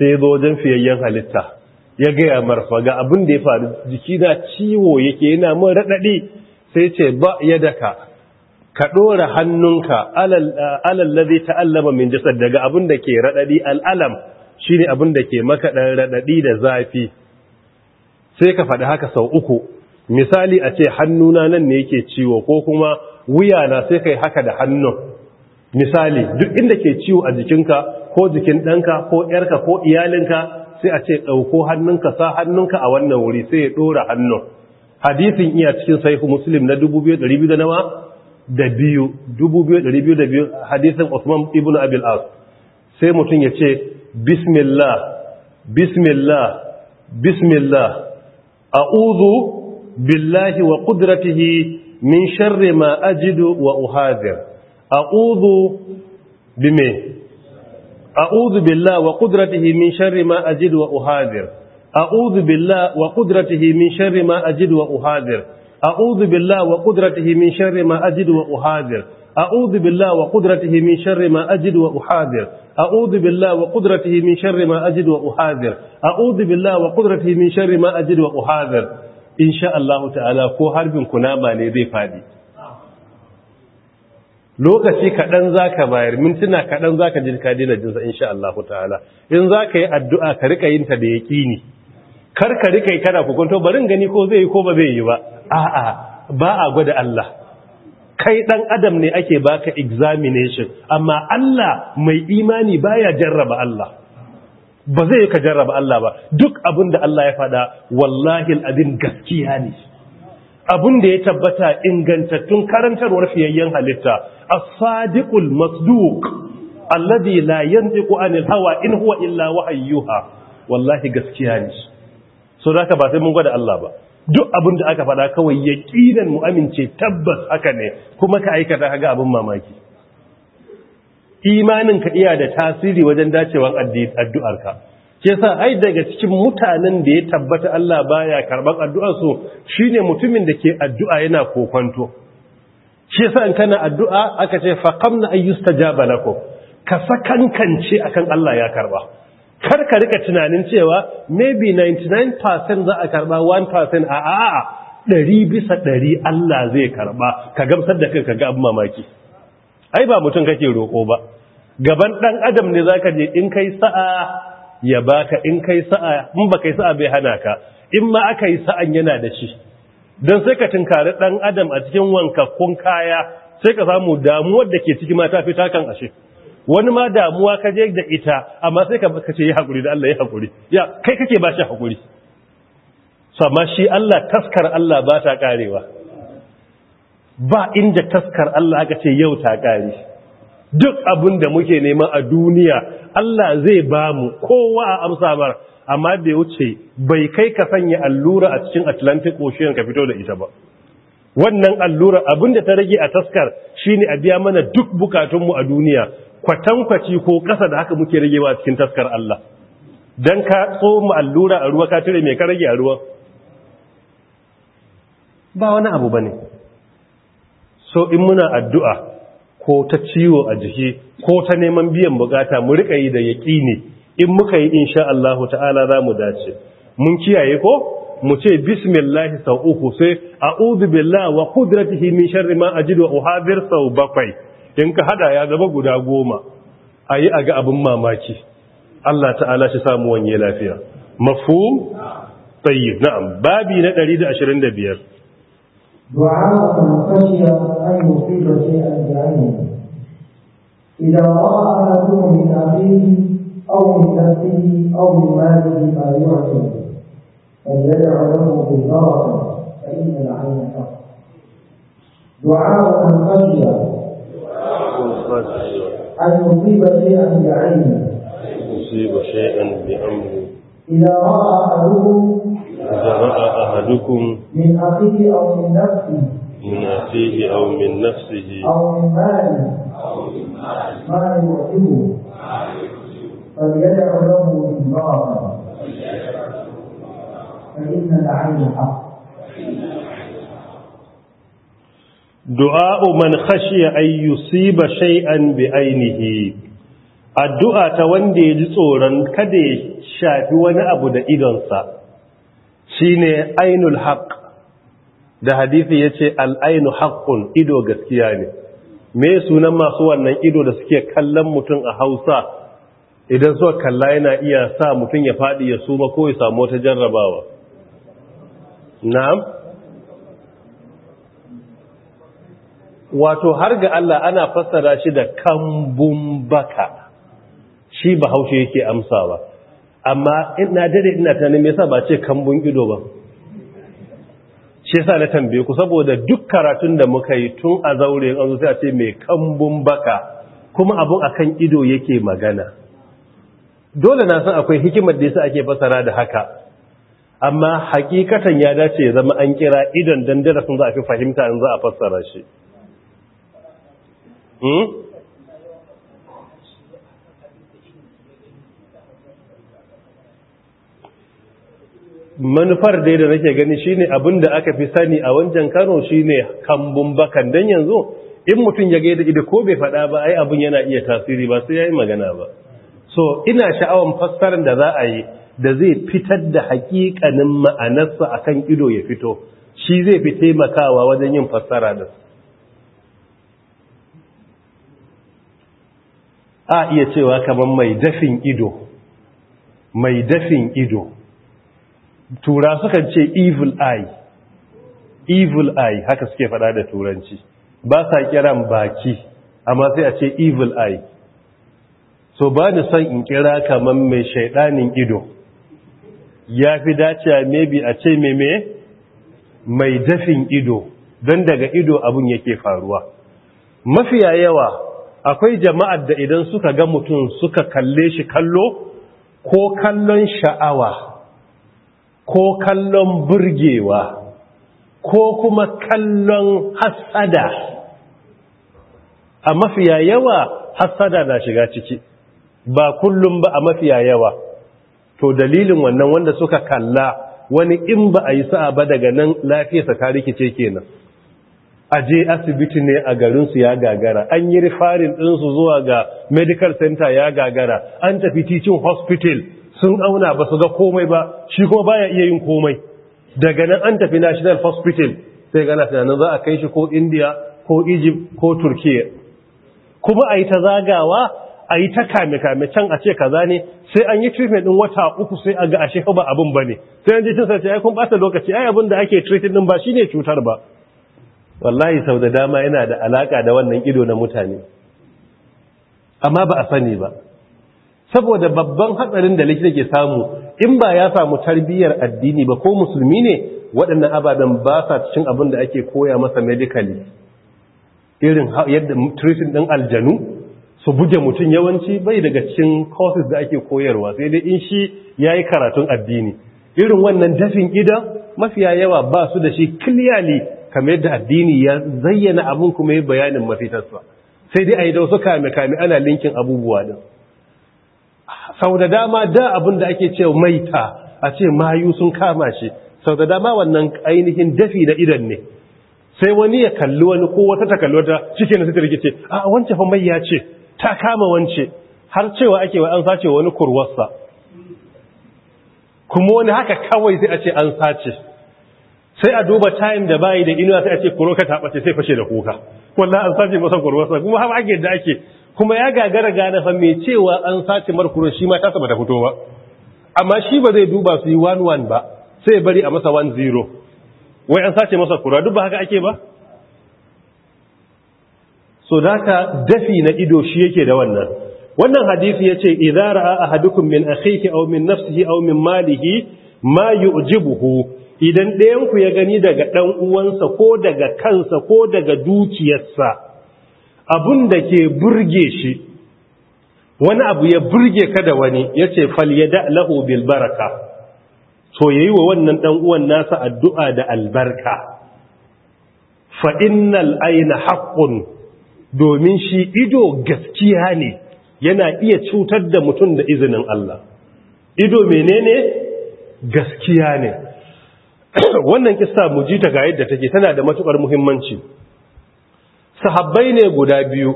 Speaker 1: sai ya zo wajen fiyayyen halitta ya gaya marfa ga abin da ya faru jiki na ciwo yake yana mun raɗaɗi sai ce ba ya daka ka ɗora hannunka alallazi ta'allama min jasad daga abin da ke raɗaɗi al'alam shine abin da ke maka ɗan raɗaɗi da zafi sai ka faɗi haka sau uku misali a ce hannuna nan ne yake ciwo ko kuma wuya na sai kai haka da hannun misali duk inda ke ciwo a jikinka ko jikin ɗanka ko ƴarka ko iyalinka sai a ce ɗauko hannunka sa hannunka a wannan wuri sai ya ɗora hannun hadisin iya cikin sahihu muslim na 2200 nawa da biyu 2200 hadisin Usman ibn Abil sai mutum ya ce bismillah bismillah bismillah a'udhu billahi wa ƙudratihi min sharri ma ajidu wa uhadhir a'udhu bime أعوذ بالله وقدرته من شر ما أجد وأهاذر أعوذ بالله وقدرته من شر ما أجد وأهاذر أعوذ بالله وقدرته من شر ما أجد وأحاذر أعوذ بالله وقدرته من شر ما أجد وأحاذر أعوذ بالله وقدرته من شر ما أجد وأحاذر أعوذ بالله وقدرته من شر ما أجد وأحاذر إن شاء الله تعالى كو ما ني زي فادي lokaci kaɗan za ka bayar mintuna kaɗan za ka jirka dina jinsa insha Allah ta'ala in za ka yi addu'a ka rika yin ta da ya ƙini kar ka rika yi kana kukunto barin gani ko zai yi ko ba zai yi ba a'a ba a gwada Allah kai ɗan adam ne ake baka examination amma Allah mai imani baya jarraba Allah ba zai yi ka jarraba Allah ba duk abin da Allah ya faɗa wallahi al'adin gaskiya ne Abun da ya tabbata ingantattun karantarwar fiyayyen halitta a sadiqul masduq alladi la ku anil hawa in huwa illa wahyuha wallahi gaskiya ne so ka ba sai mun gwada Allah ba duk abin da aka fada kawai ya ƙinan mu amince tabbas haka ne kuma ka aikata ga abin mamaki imanin ka iya da tasiri wajen dacewan addu'arka Ke sa ai daga cikin mutanen da ya tabbata Allah baya karɓar addu'ar su shine mutumin da ke addu'a yana kokonto shi sa in kana addu'a aka ce na ayyusta ja ko. ka sa sakankance akan Allah ya karɓa. kar ka rika tunanin cewa maybe 99% za a karɓa 1% a a'a ɗari bisa ɗari Allah zai karɓa ka gamsar da ka ga abin mamaki ai ba mutum kake roƙo ba gaban ɗan adam ne za ka je in kai sa'a ya baka in kai sa'a in ba kai sa'a bai hana ka in ma aka yi sa'an yana da shi don sai ka tunkari ɗan adam a cikin wankakkun kaya sai ka samu damuwar da ke ciki ma ta fi takan ashe wani ma damuwa ka je da ita amma sai ka ce yi hakuri da Allah ya hakuri ya kai kake ba shi hakuri. sama shi Allah taskar Allah ba ta karewa ba inda taskar Allah aka ce yau ta ƙare duk abin da muke nema a duniya Allah zai ba mu kowa a amsa bar amma bai wuce bai kai ka sanya allura a cikin atlantic ocean ka fito da ita ba wannan allura abin da ta rage a taskar shine a biya mana duk bukatunmu a duniya kwatankwaci ko kasa da haka muke ragewa cikin taskar Allah dan ka tsoma allura a ruwa ka tire mai ka rage a ruwa ba wani abu bane so in muna addu'a ko ta ciwo a jiki ko ta neman biyan bukata mu rika yi da ne in muka yi insha Allah ta'ala za mu dace mun kiyaye ko mu ce bismillah sau uku sai a'udhu billahi wa qudratihi min sharri ma ajidu wa uhadir sau bakwai in ka hada ya zaba guda goma ayi ga abin mamaki Allah ta'ala shi samu wanye lafiya mafhum tayyib na'am babi na 125
Speaker 2: دعاء من خشي أن يصيب شيئا بعينه إذا رأى أحدهم من أخيه أو من نفسه أو من ماله ما ان يدع له بالبركة فإن العين حق دعاء من خشي أن يصيب شيئا بعينه ان يصيب شيئا بأمره إذا رأى أحدهم برأ أحدكم من أخيه أو من
Speaker 1: نفسه
Speaker 2: أو من ماله ما فليدع له فإن العين حق
Speaker 1: man khashiya ay yusiba shay'an bi ainihi addu'a ta wanda ya ji tsoron kada ya shafi wani abu da idonsa shine ainul haqq da hadisi yace al ainu haqqun ido gaskiya ne me sunan masu wannan ido da suke kallon mutum a Hausa idan suka kalla yana iya sa mutum ya fadi ya suma ko ya samu ta jarrabawa na'am wato har ga Allah ana fassara shi da kambun baka shi bahaushe yake amsawa amma ina dade ina tunanin me yasa ba ce kambun ido ba shi yasa na tambaye ku saboda duk karatun da muka yi tun a zaure an zo a ce mai kambun baka kuma abun akan ido yake magana dole na san akwai hikimar da yasa ake fasara da haka amma hakikatan ya dace ya zama an kira idon dandara sun za a fi fahimta in za a fassara shi hmm? manufar dai da nake gani shine abin da aka fi sani a wancan Kano shine kambun bakan dan yanzu in mutum ya gaida ido ko bai faɗa ba ai abin yana iya tasiri ba sai yayi magana ba so ina sha'awan fassarar da za a yi da zai fitar da hakikanin ma'anarsa a kan ido ya fito shi zai fi taimakawa wajen yin fassara da a iya cewa kamar mai dafin ido mai dafin ido tura suka ce evil eye evil eye haka suke faɗa da turanci ba sa kiran baki amma sai a ce evil eye so ba ni son in kira kamar mai shaidanin ido ya fi dacewa maybe a ce meme mai dafin ido don daga ido abun yake faruwa mafiya yawa akwai jama'ar da idan suka ga mutum suka kalle shi kallo ko kallon sha'awa ko kallon burgewa ko kuma kallon hasada a mafiya yawa hasada na shiga ciki ba kullum ba a mafiya yawa to dalilin wannan wanda suka kalla wani in ba a yi sa'a ba daga nan lafiyarsa ta rikice kenan a je asibiti ne a garinsu ya gagara an yi rifarin ɗinsu zuwa ga medical center ya gagara an tafi titin hospital sun auna ba su ga komai ba shi kuma baya iya yin komai daga nan an tafi national hospital sai gana tunanin za a kai shi ko india ko egypt ko turkiyya. kuma a yi ta zagawa a yi ta kame-kame can a ce kaza ne sai an yi treatment din wata uku sai a ga ashe ba abin ba ne sai an ji cin sarce ai kun bata lokaci ai abin da ake treatment din ba shi ne cutar ba wallahi sau da dama yana da alaka da wannan ido na mutane amma ba a sani ba saboda babban hatsarin da likita ke samu in ba ya samu tarbiyyar addini ba ko musulmi ne waɗannan ababen ba sa cikin abin da ake koya masa medically irin yadda treating ɗin aljanu su buge mutum yawanci bai daga cikin courses da ake koyarwa sai dai in shi ya yi karatun addini irin wannan dafin idan mafiya yawa ba su da shi clearly kamar yadda addini ya zayyana abin kuma yi bayanin mafitarsa sai dai a yi da wasu kame-kame ana linkin abubuwa din sau da dama da abin da ake ce maita a ce mayu sun kama shi sau da dama wannan ainihin dafi da idan ne sai wani ya kalli wani ko wata ta kalli wata cike na sai rikice a wance fa mai ya ce ta kama wance har cewa ake wa an sace wani kurwarsa kuma wani haka kawai sai a ce an sace sai a duba time da bayi da inuwa sai a ce kuro ka taɓa sai fashe da kuka wallah an sace masa kurwarsa kuma har ake da ake kuma ya gagara gane fa mai cewa an sace markurin shi ma ta saba ta fito ba amma shi ba zai duba su yi 1-1 ba sai bari a masa 1-0 wai an sace masa kura duk ba haka ake ba so dafi na ido shi yake da wannan wannan hadisi ya ce idara a hadukun min akhiki aw min nafsihi aw min malihi ma yu'jibuhu idan ɗayan ku ya gani daga ɗan uwansa ko daga kansa ko daga dukiyarsa abun da ke burge shi wani abu ya burge ka da wani ya ce falyada lahu bil baraka to yi wa wannan ɗan’uwan uwan nasa addu'a da albarka fa aina haƙƙun domin shi ido gaskiya ne yana iya cutar da mutum da izinin Allah ido menene gaskiya ne wannan mu ji ta ga yadda take tana da matuƙar muhimmanci sahabbai ne guda biyu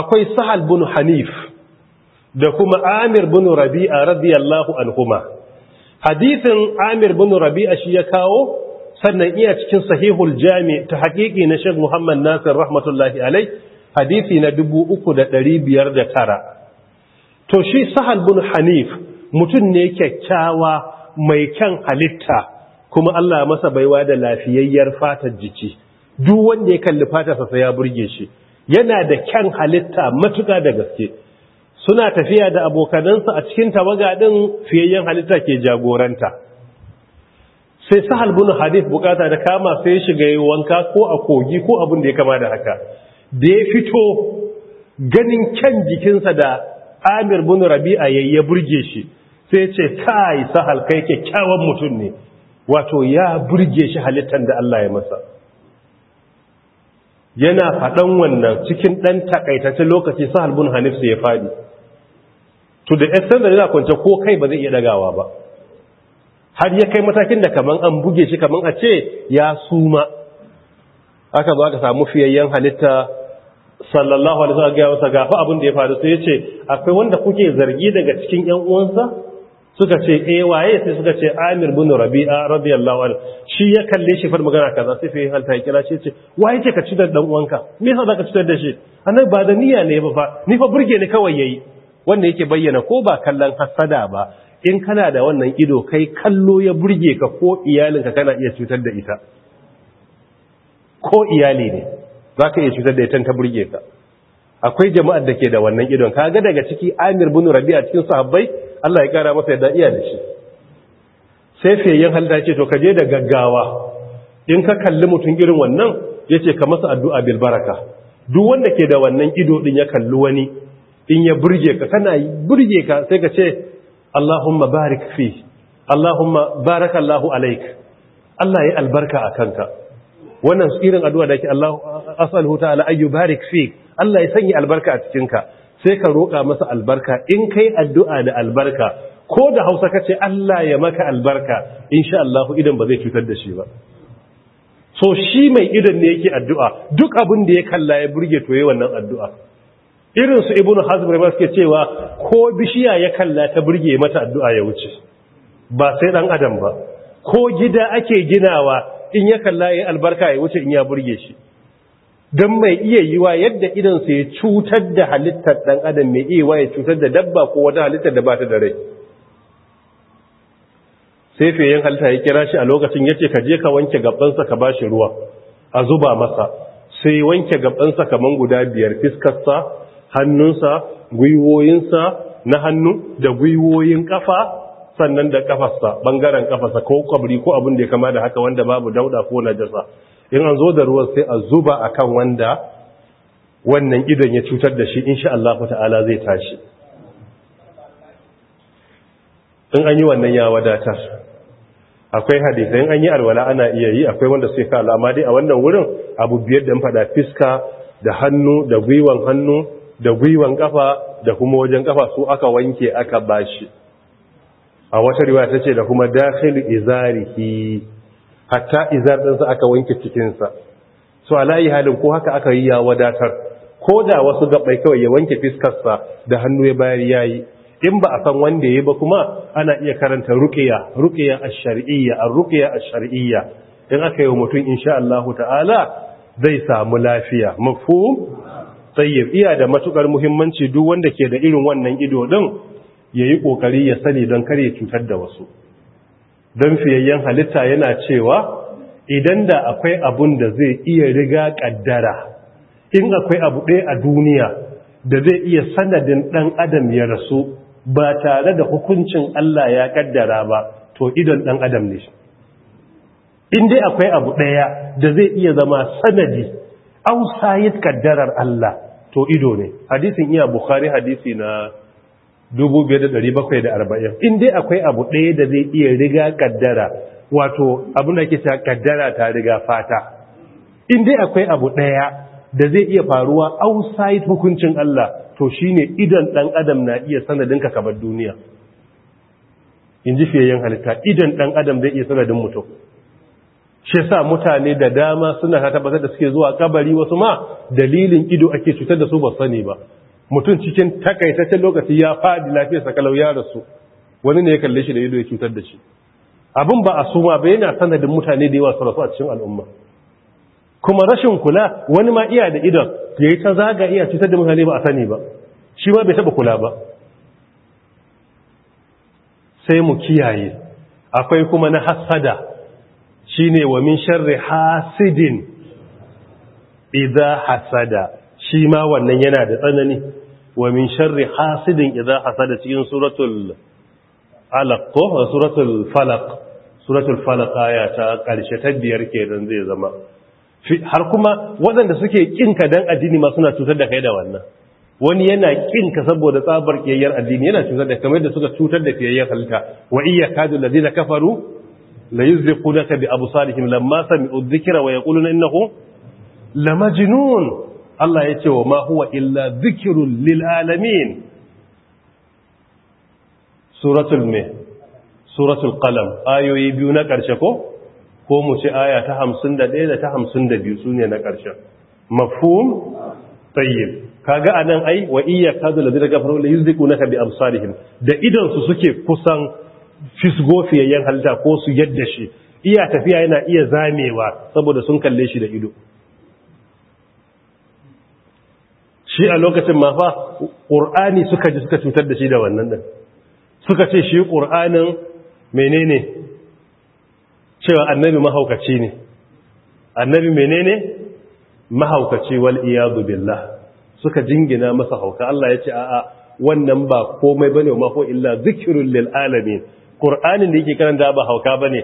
Speaker 1: akwai sahal bin hanif da kuma amir bin rabi'a radiyallahu anhuma hadisin amir bin rabi'a shi ya kawo sannan iya cikin sahihul jami ta haƙiƙi na shan muhammad nasir rahmatullahi alai hadisi na tara. to shi sahal bin hanif mutum ne kyakkyawa mai kyan halitta kuma allah masa baiwa da lafiyayyar fatar jiki duk wanda ya kalli fata sai ya burge shi yana da kyan halitta matuka da gaske suna tafiya da abokanansa a cikin tawaga din fiyayyen halitta ke jagoranta sai sahal bin hadith bukata da kama sai ya shiga yi wanka ko a kogi ko abin da ya kama da haka da ya fito ganin kyan jikinsa da amir bin rabi'a ya burge shi sai ce kai sahal kai kyakkyawan mutum ne wato ya burge shi halittar da Allah ya masa yana faɗan wannan cikin ɗan takaitace lokaci sahal bin hanif sai ya faɗi to da extent da yana kwance ko kai ba zai iya dagawa ba har ya kai matakin da kaman an buge shi kaman a ce ya suma aka zo aka samu fiyayyen halitta sallallahu alaihi wasallam ga abin da ya faru sai ya ce akwai wanda kuke zargi daga cikin ƴan uwansa suka ce eh waye sai suka ce Amir bin Rabi'a radiyallahu anhu shi ya kalle shi far magana kaza sai fa halta ya kira shi ce waye ce ka cutar dan uwanka me yasa zaka cutar da shi annabi ba da niyya ne ba fa ni fa burge ni kawai yayi wanda yake bayyana ko ba kallon hasada ba in kana da wannan ido kai kallo ya burge ka ko iyalinka kana iya cutar da ita ko iyali ne zaka iya cutar da ita ta burge ka akwai jama'ar da ke da wannan idon kaga daga ciki Amir bin Rabi'a cikin sahabbai Allah ya kara masa yadda iya da shi sai fiyayyen halitta ce to ka je da gaggawa in ka kalli mutum irin wannan ya ce ka masa addu'a bilbaraka duk wanda ke da wannan ido din ya kalli wani in ya burge ka kana burge ka sai ka ce Allahumma barik fi Allahumma baraka Allahu alaik Allah ya albarka a kanka wannan irin addu'a da ke Allah asal ta'ala ayyu barik fi Allah ya sanya albarka a cikinka sai ka roƙa masa albarka in kai addu'a da albarka ko da hausa kace Allah ya maka albarka insha Allah idan ba zai cutar da shi ba so shi mai idan ne yake addu'a duk abin da ya kalla ya burge to wannan addu'a irin su ibnu hazm rahimah suke cewa ko bishiya ya kalla ta burge mata addu'a ya wuce ba sai dan adam ba ko gida ake ginawa in ya kalla ya yi albarka ya wuce in ya burge shi don mai iya yiwa yadda idansa ya cutar da halittar ɗan adam mai iya ya cutar da dabba ko wata halittar da ba ta da rai sai fiye halitta ya kira shi a lokacin ya ce ka je ka wanke gabansa ka ba shi ruwa a zuba masa sai wanke gabansa kamar guda biyar fiskarsa hannunsa gwiwoyinsa na hannu da gwiwoyin kafa sannan da kafarsa bangaren kafarsa ko kwabri ko abin da ya kama da haka wanda babu dauda ko najasa in an zo da ruwan sai a zuba a kan wanda wannan idon ya cutar da shi in shi Allah ta'ala zai tashi in an yi wannan ya wadatar akwai hadisai in an yi alwala ana iya yi akwai wanda sai ka alama dai a wannan wurin abu biyar da fada fiska da hannu da gwiwan hannu da gwiwan kafa da kuma wajen kafa su aka wanke aka bashi a wata riwaya ce da kuma dakhil izarihi hatta izar ɗinsa aka wanke cikinsa so alayi halin ko haka aka yi ya wadatar ko da wasu gabai kawai ya wanke fiskarsa da hannu ya bayar yayi in ba a san wanda ya ba kuma ana iya karanta ruqiya ruqiya ash-shar'iyya ar-ruqiya ash-shar'iyya in aka yi mutum insha Allah ta'ala zai samu lafiya mafhum tayyib iya da matukar muhimmanci duk wanda ke da irin wannan ido din yayi kokari ya sani don kare cutar da wasu don fiyayyen halitta yana cewa idan da akwai abun da zai iya riga kaddara in akwai abu ɗaya a duniya da zai iya sanadin ɗan adam ya rasu ba tare da hukuncin Allah ya kaddara ba to idon ɗan adam ne in dai akwai abu ɗaya da zai iya zama sanadi sayi kaddarar Allah to ido ne hadisin iya bukhari hadisi na arba'in in dai akwai abu ɗaya da zai iya riga kaddara wato abin da ke kaddara ta riga fata in dai akwai abu ɗaya da zai iya faruwa outside hukuncin Allah to shi ne idan ɗan adam na iya sanadin ka kabar duniya in ji fiyayyen halitta idan ɗan adam zai iya sanadin mutum shi sa mutane da dama suna tabbatar da suke zuwa kabari wasu ma dalilin ido ake cutar da su ba sani ba mutum cikin takaitaccen lokaci ya faɗi lafiyarsa kalau ya rasu wani ne ya kalle shi da ido ya cutar da shi abin ba a suma ba yana sanadin mutane da yawa su rasu a cikin al'umma kuma rashin kula wani ma iya da idon ya yi ta zaga iya cutar da mutane ba a sani ba shi ma bai taɓa kula ba sai mu kiyaye akwai kuma na hasada shine wa min sharri hasidin idza hasada shi ma wannan yana da tsanani wa min sharri hasidin idza hasada cikin suratul alaq ko suratul falaq suratul falaq aya ta karshe ta biyar kenan zai zama har kuma waɗanda suke kinka dan addini ma suna cutar da kai da wannan wani yana kinka saboda tsabar kiyayyar addini yana cutar da kamar da suka cutar da kiyayyar halitta wa iyyaka allazina kafaru la yuzliqunaka bi absarihim lamma sami'u dhikra wa yaquluna innahu lamajnun Allah ya ce wa ma huwa illa zikirun lil alamin suratul me suratul qalam ayoyi biyu na ƙarshe ko ko mu ce aya ta hamsin da ɗaya da ta hamsin da biyu, su ne na ƙarshe mafhum tayyib kaga anan ai wa iyyaka da ladina kafaru na yuzdiqunaka bi absarihim da idan su suke kusan fisgofiyayyen halitta ko su yadda shi iya tafiya yana iya zamewa saboda sun kalle shi da ido shi a lokacin ma fa ƙur'ani suka ji suka cutar da shi da wannan din suka ce shi ƙur'anin menene cewa annabi mahaukaci ne annabi menene mahaukaci wal iyadu billah suka jingina masa hauka Allah ya ce a'a wannan ba komai bane ma ko illa zikrul lil alamin qur'anin da yake karanta ba hauka bane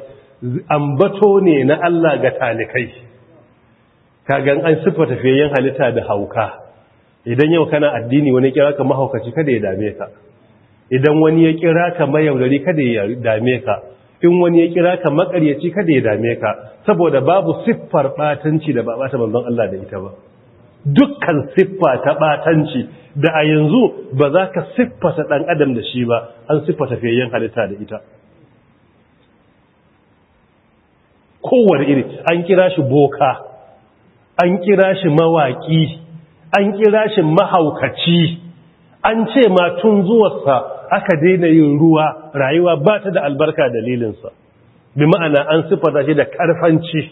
Speaker 1: ambato ne na Allah ga talikai kagan an sifata fiyayen halitta da hauka idan yau kana addini wani kira ka mahaukaci kada ya dame ka idan wani ya kira ka mayaudari kada ya dame ka in wani ya kira ka makaryaci kada ya dame ka saboda babu siffar batanci da ba bata manzon Allah da ita ba dukkan siffa ta batanci da a yanzu ba za ka siffata ɗan adam da shi ba an siffata fiyayyen halitta da ita kowane iri an kira shi boka an kira shi mawaki an kira shi mahaukaci an ce ma tun zuwarsa aka daina yin ruwa rayuwa ba ta da albarka dalilinsa bi ma'ana an siffata shi da karfanci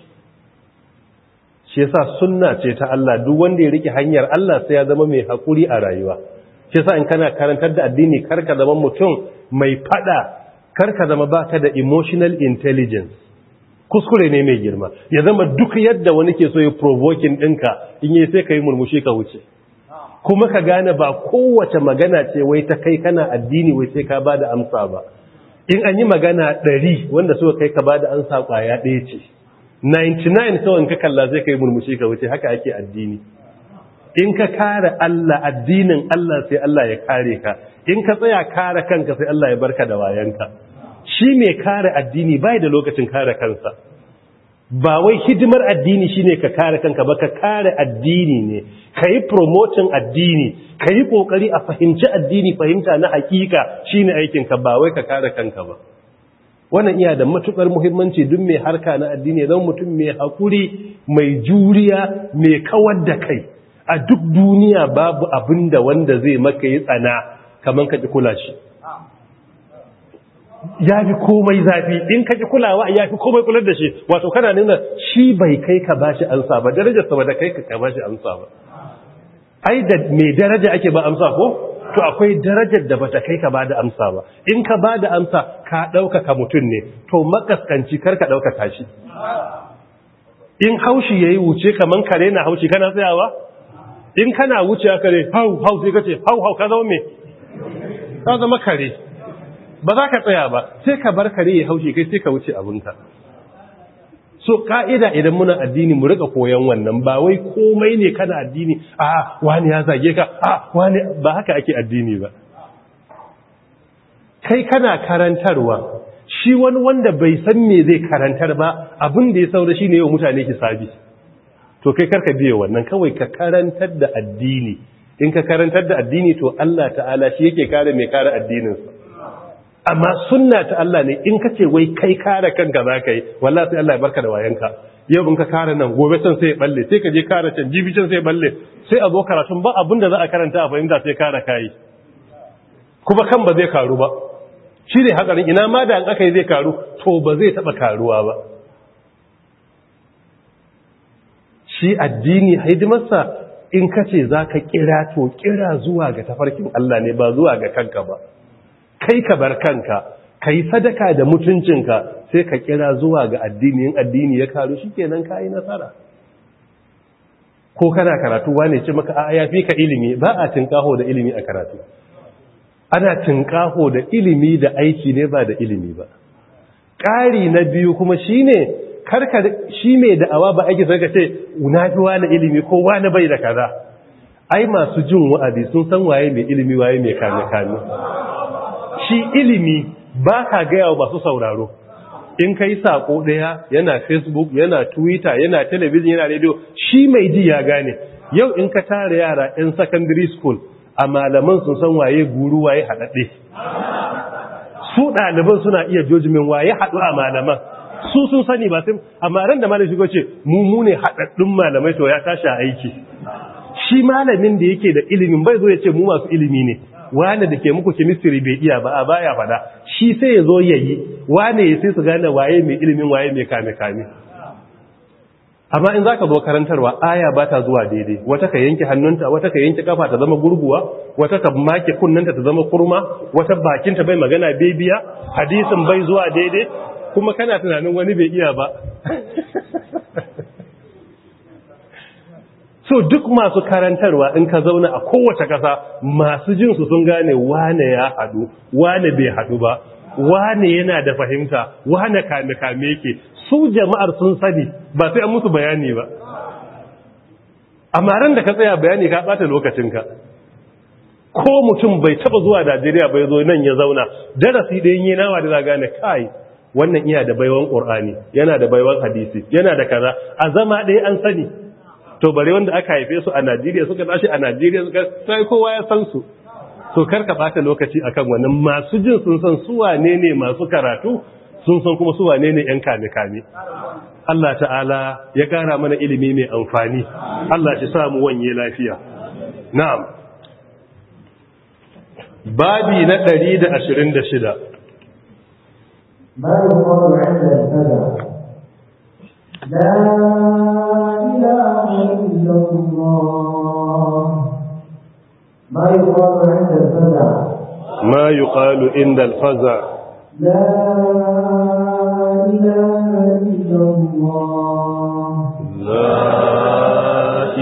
Speaker 1: shi yasa sunna ce ta Allah duk wanda ya rike hanyar Allah sai ya zama mai hakuri a rayuwa shi yasa in kana karantar da addini karka zama mutum mai fada karka zama baka da emotional intelligence kuskure ne mai girma ya zama duk yadda wani ke so ya provokin ɗinka in yi sai ka yi murmushi ka wuce kuma ka gane ba kowace magana ce wai ta kai kana addini wai sai ka ba da amsa ba in an yi magana ɗari wanda suka kai ka ba da amsa ƙwaya ɗaya ce 99 kawai ka kalla sai ka yi murmushi ka wuce haka ake addini in ka kare Allah addinin Allah sai Allah ya kare ka in ka tsaya kare kanka sai Allah ya barka da wayanka shi mai kare addini bai da lokacin kare kansa ba wai hidimar addini shine ka kare kanka ba ka kare addini ne ka yi promoting addini ka yi kokari a fahimci addini fahimta na hakika shine aikinka ba wai ka kare kanka ba wannan iya da matukar muhimmanci duk mai harka na addini don mutum mai hakuri mai juriya mai kawar da kai a duk duniya babu abinda wanda zai maka yi tsana kamar ka kula shi ya fi komai zafi in ka kulawa ya fi komai kular da shi wato kana nuna shi bai kai ka ba shi amsa ba darajarsa ba da kai ka ba shi amsa ba ai da mai daraja ake ba amsa ko to akwai darajar da bata kai ka ba da amsa ba in ka ba da amsa ka ɗaukaka mutum ne to makaskanci kar ka ɗaukaka shi in haushi yayi yi wuce kaman kare na haushi kana tsayawa in kana wuce kare hau hau sai ka ce hau hau ka zama me ka zama kare ba za ka tsaya ba sai ka bar kare ya haushe kai sai ka wuce abinka so ka'ida idan muna addini mu rika koyan wannan ba wai komai ne kana addini a wani ya zage ka a wani ba haka ake addini ba kai kana karantarwa shi wani wanda bai san me zai karantar ba abin da ya saura shi shine yau mutane ki sabi to kai karka biye wannan kawai ka karantar da addini in ka karantar da addini to Allah ta'ala shi yake kare mai kare addininsa amma sunna ta Allah ne in kace wai kai kare kanka zaka yi wallahi sai Allah ya barka da wayanka yau in ka kare nan gobe san sai ya balle sai ka je kare can jibi can sai balle sai a zo karatu ba abin da za a karanta a fahimta sai kare kai kuma kan ba zai karu ba shi ne hakarin ina ma da an aka yi zai karu to ba zai taba karuwa ba shi addini hidimarsa in kace zaka kira to kira zuwa ga tafarkin Allah ne ba zuwa ga kanka ba kai ka bar kanka kai sadaka da mutuncinka sai ka kira zuwa ga addini in addini ya karu shikenan kai nasara ko kana karatu wane ce maka a yafi ka ilimi ba a tinkaho da ilimi a karatu ana tinkaho da ilimi da aiki ne ba da ilimi ba ƙari na biyu kuma shine karka shi mai da'awa ba ake zaka ce na fi wani ilimi ko wani bai da kaza ai masu jin wa'azi sun san waye mai ilimi waye mai kame kame shi ilimi ba ka gaya wa masu sauraro in kai sako ɗaya yana facebook yana twitter yana television yana radio shi mai ji ya gane yau in ka tara yara yan secondary school a malaman sun san waye guru waye haɗaɗe su ɗaliban suna iya jojimin waye haɗu a malaman su sun sani ba sai amma ran da malam shigo ce mu mu ne haɗaɗɗun malamai to ya tashi aiki shi malamin da yake da ilimin bai zo ya ce mu masu ilimi ne wane da ke muku kimistiri bai iya ba a baya fada shi sai ya zo yayi wane ya sai su gane waye mai ilimin waye mai kame kame amma in za ka zo karantarwa aya ba ta zuwa daidai wata ka yanke hannunta wata ka yanke kafa ta zama gurguwa wata ka make kunnanta ta zama kurma wata bakinta bai magana bai biya, hadisin bai zuwa daidai kuma kana tunanin wani bai iya ba so duk masu karantarwa in ka zauna a kowace ƙasa masu jinsu sun gane wane ya haɗu wane bai haɗu ba wane yana da fahimta wane kame-kame yake su jama'ar sun sani ba sai an musu bayani ba A marar da ka tsaya bayani ka ɓata lokacinka ko mutum bai taɓa zuwa Najeriya bai zo nan ya zauna darasi da yin nawa da za gane kai wannan iya da baiwan ƙur'ani yana da baiwan hadisi yana da kaza a zama ɗaya an sani to bare wanda aka haife su a Najeriya suka tashi a Najeriya suka sai kowa ya san su kar ka bata lokaci akan wannan masu jin sun san su wane ne masu karatu sun san kuma su wane ne yan kame kame Allah ta'ala ya kara mana ilimi mai amfani Allah shi samu wanye lafiya na'am babi na 126
Speaker 2: babu wani da ما يقال
Speaker 1: عند الفزع
Speaker 2: لا إله إلا الله لا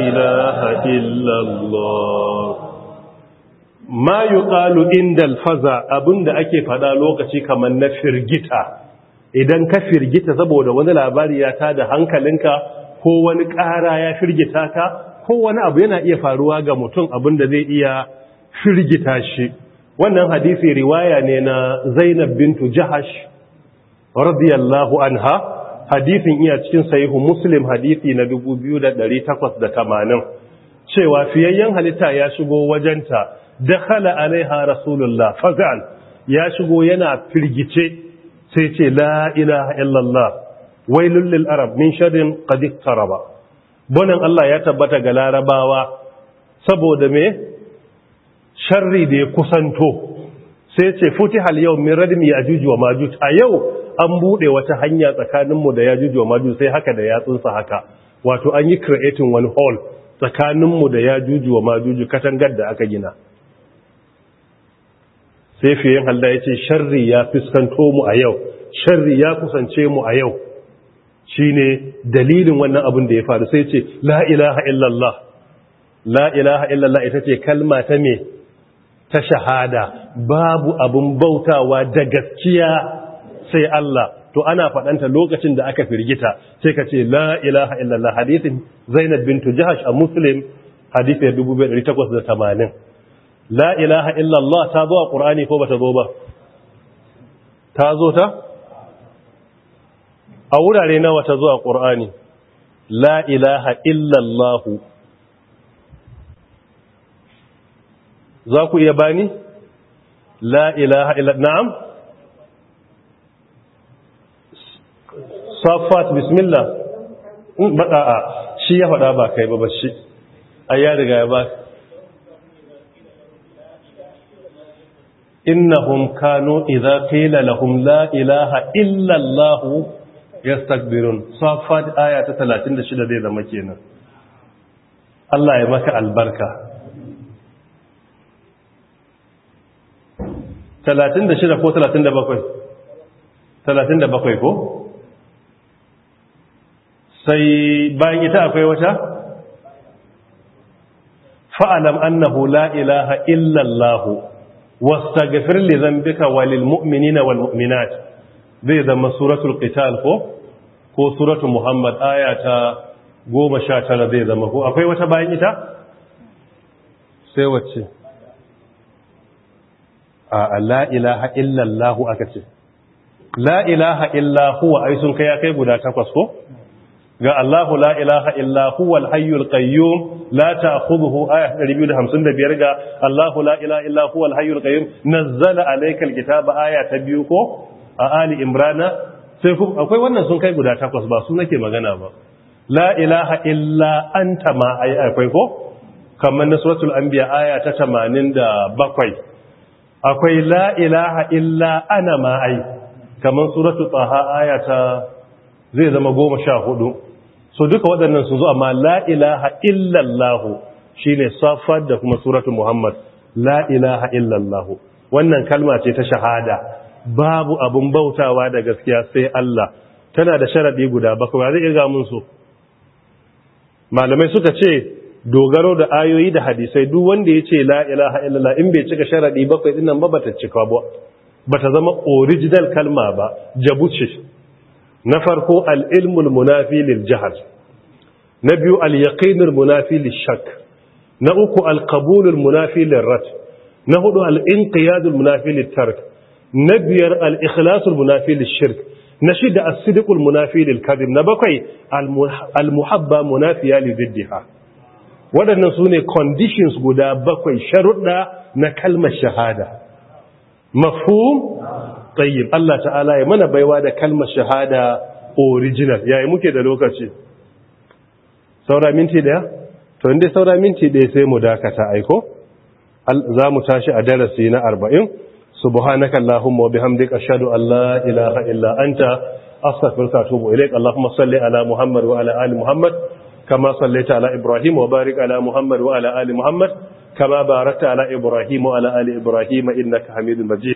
Speaker 2: إله إلا
Speaker 1: الله ما يقال عند الفزع أبند أكي fada lokaci kaman نفر جتا idan ka firgita saboda wani labari ya ta da hankalinka ko wani ƙara ya firgita ka ko wani abu yana iya faruwa ga mutum abin da zai iya firgita shi wannan hadisi riwaya ne na Zainab bintu Jahash radiyallahu anha hadisin iya cikin sahihu Muslim hadisi na 2880 cewa fiyayyen halitta ya shigo wajenta dakhala alaiha rasulullah fazal ya shigo yana firgice sai ce la ilaha illallah wai lil arab min shadin qad iqtaraba bonan Allah ya tabbata ga larabawa saboda me sharri da ya kusanto sai ce futihal yau min radmi yajuj wa majuj a yau an buɗe wata hanya tsakaninmu da yajuj wa majuj sai haka da yatsunsa haka wato an yi creating one hole tsakaninmu da yajuj wa majuj katangar da aka gina sai fiye halda ya ce sharri ya fuskanto mu a yau sharri ya kusance mu a yau Shi ne dalilin wannan abin da ya faru sai ce la ilaha illallah la illallah ita ce kalma ta me ta shahada babu abin bautawa da gaskiya sai Allah to ana faɗanta lokacin da aka firgita sai ka ce la ilaha illallah hadithin Zainab bintu Jahash a Muslim hadisi 2880 la ilaha illallah ta zo a ƙur'ani ko ba ta zo ba ta zo ta a wurare nawa ta zo a ƙur'ani la ilaha illallah za ku iya bani la ilaha illallah na'am safat bismillah mm, ba ɗa'a shi ya faɗa ba kai ba ba shi a yadda riga ya ba innahum kanu idza qila lahum la ilaha illa allah yastakbirun safat aya ta 36 zai zama kenan Allah ya maka albarka 36 ko 37 37 ko sai bayan ita akwai wata fa'alam annahu la ilaha illa allah wastaghfir li dhanbika walil mu'minina wal mu'minat zai zama suratul qital ko ko suratul muhammad aya ta 19 zai zama ko akwai wata bayan ita sai wacce a la ilaha illa allah aka ce la ilaha illa kai kai guda takwas ko ga allah la ilaha illa al hayyul لا ta'khudhuhu ayah 255 ga Allahu la ilaha illa هو الحي القيوم nazzala عليك kitaba aya ta biyu ko a ali imrana akwai wannan sun kai guda takwas ba su nake magana ba la ilaha illa anta ma akwai ko kamar na suratul anbiya aya ta 87 akwai la ilaha illa ana ma ai kamar suratul taha aya ta zai zama so duka waɗannan sun zo amma la ilaha illallah shine safar da kuma suratun muhammad la ilaha illallah wannan kalma ce ta shahada babu abun bautawa da gaskiya sai Allah tana da sharaɗi guda bakwai zai irga mun so malamai suka ce dogaro da ayoyi da hadisai duk wanda ya ce la ilaha illallah in bai cika sharaɗi bakwai dinnan ba ta cika ba ta zama original kalma ba jabuce na farko al'ilmul munafilin jihar, jahal na biyu al munafilin munafi shak na uku al munafilin rat na hudu al munafilin munafi tark na biyar al munafilin munafi shirk na shida as munafilin munafi na bakwai al-muhabba munafiya li diddiha waɗannan su ne conditions guda bakwai sharuɗa na kalmar shahada mafhum tayyib Allah ta'ala ya mana baiwa da kalmar shahada original yayi muke da lokaci saura minti daya to inda saura minti daya sai mu dakata aiko za mu tashi a darasi na 40 subhanaka allahumma wa bihamdika ashhadu an la ilaha illa anta astaghfiruka wa atubu ilaik allahumma salli ala muhammad wa ala ali muhammad kama sallaita ala ibrahim wa barik ala muhammad wa ala ali muhammad كما باركت على إبراهيم وعلى آل إبراهيم إنك حميد مجيد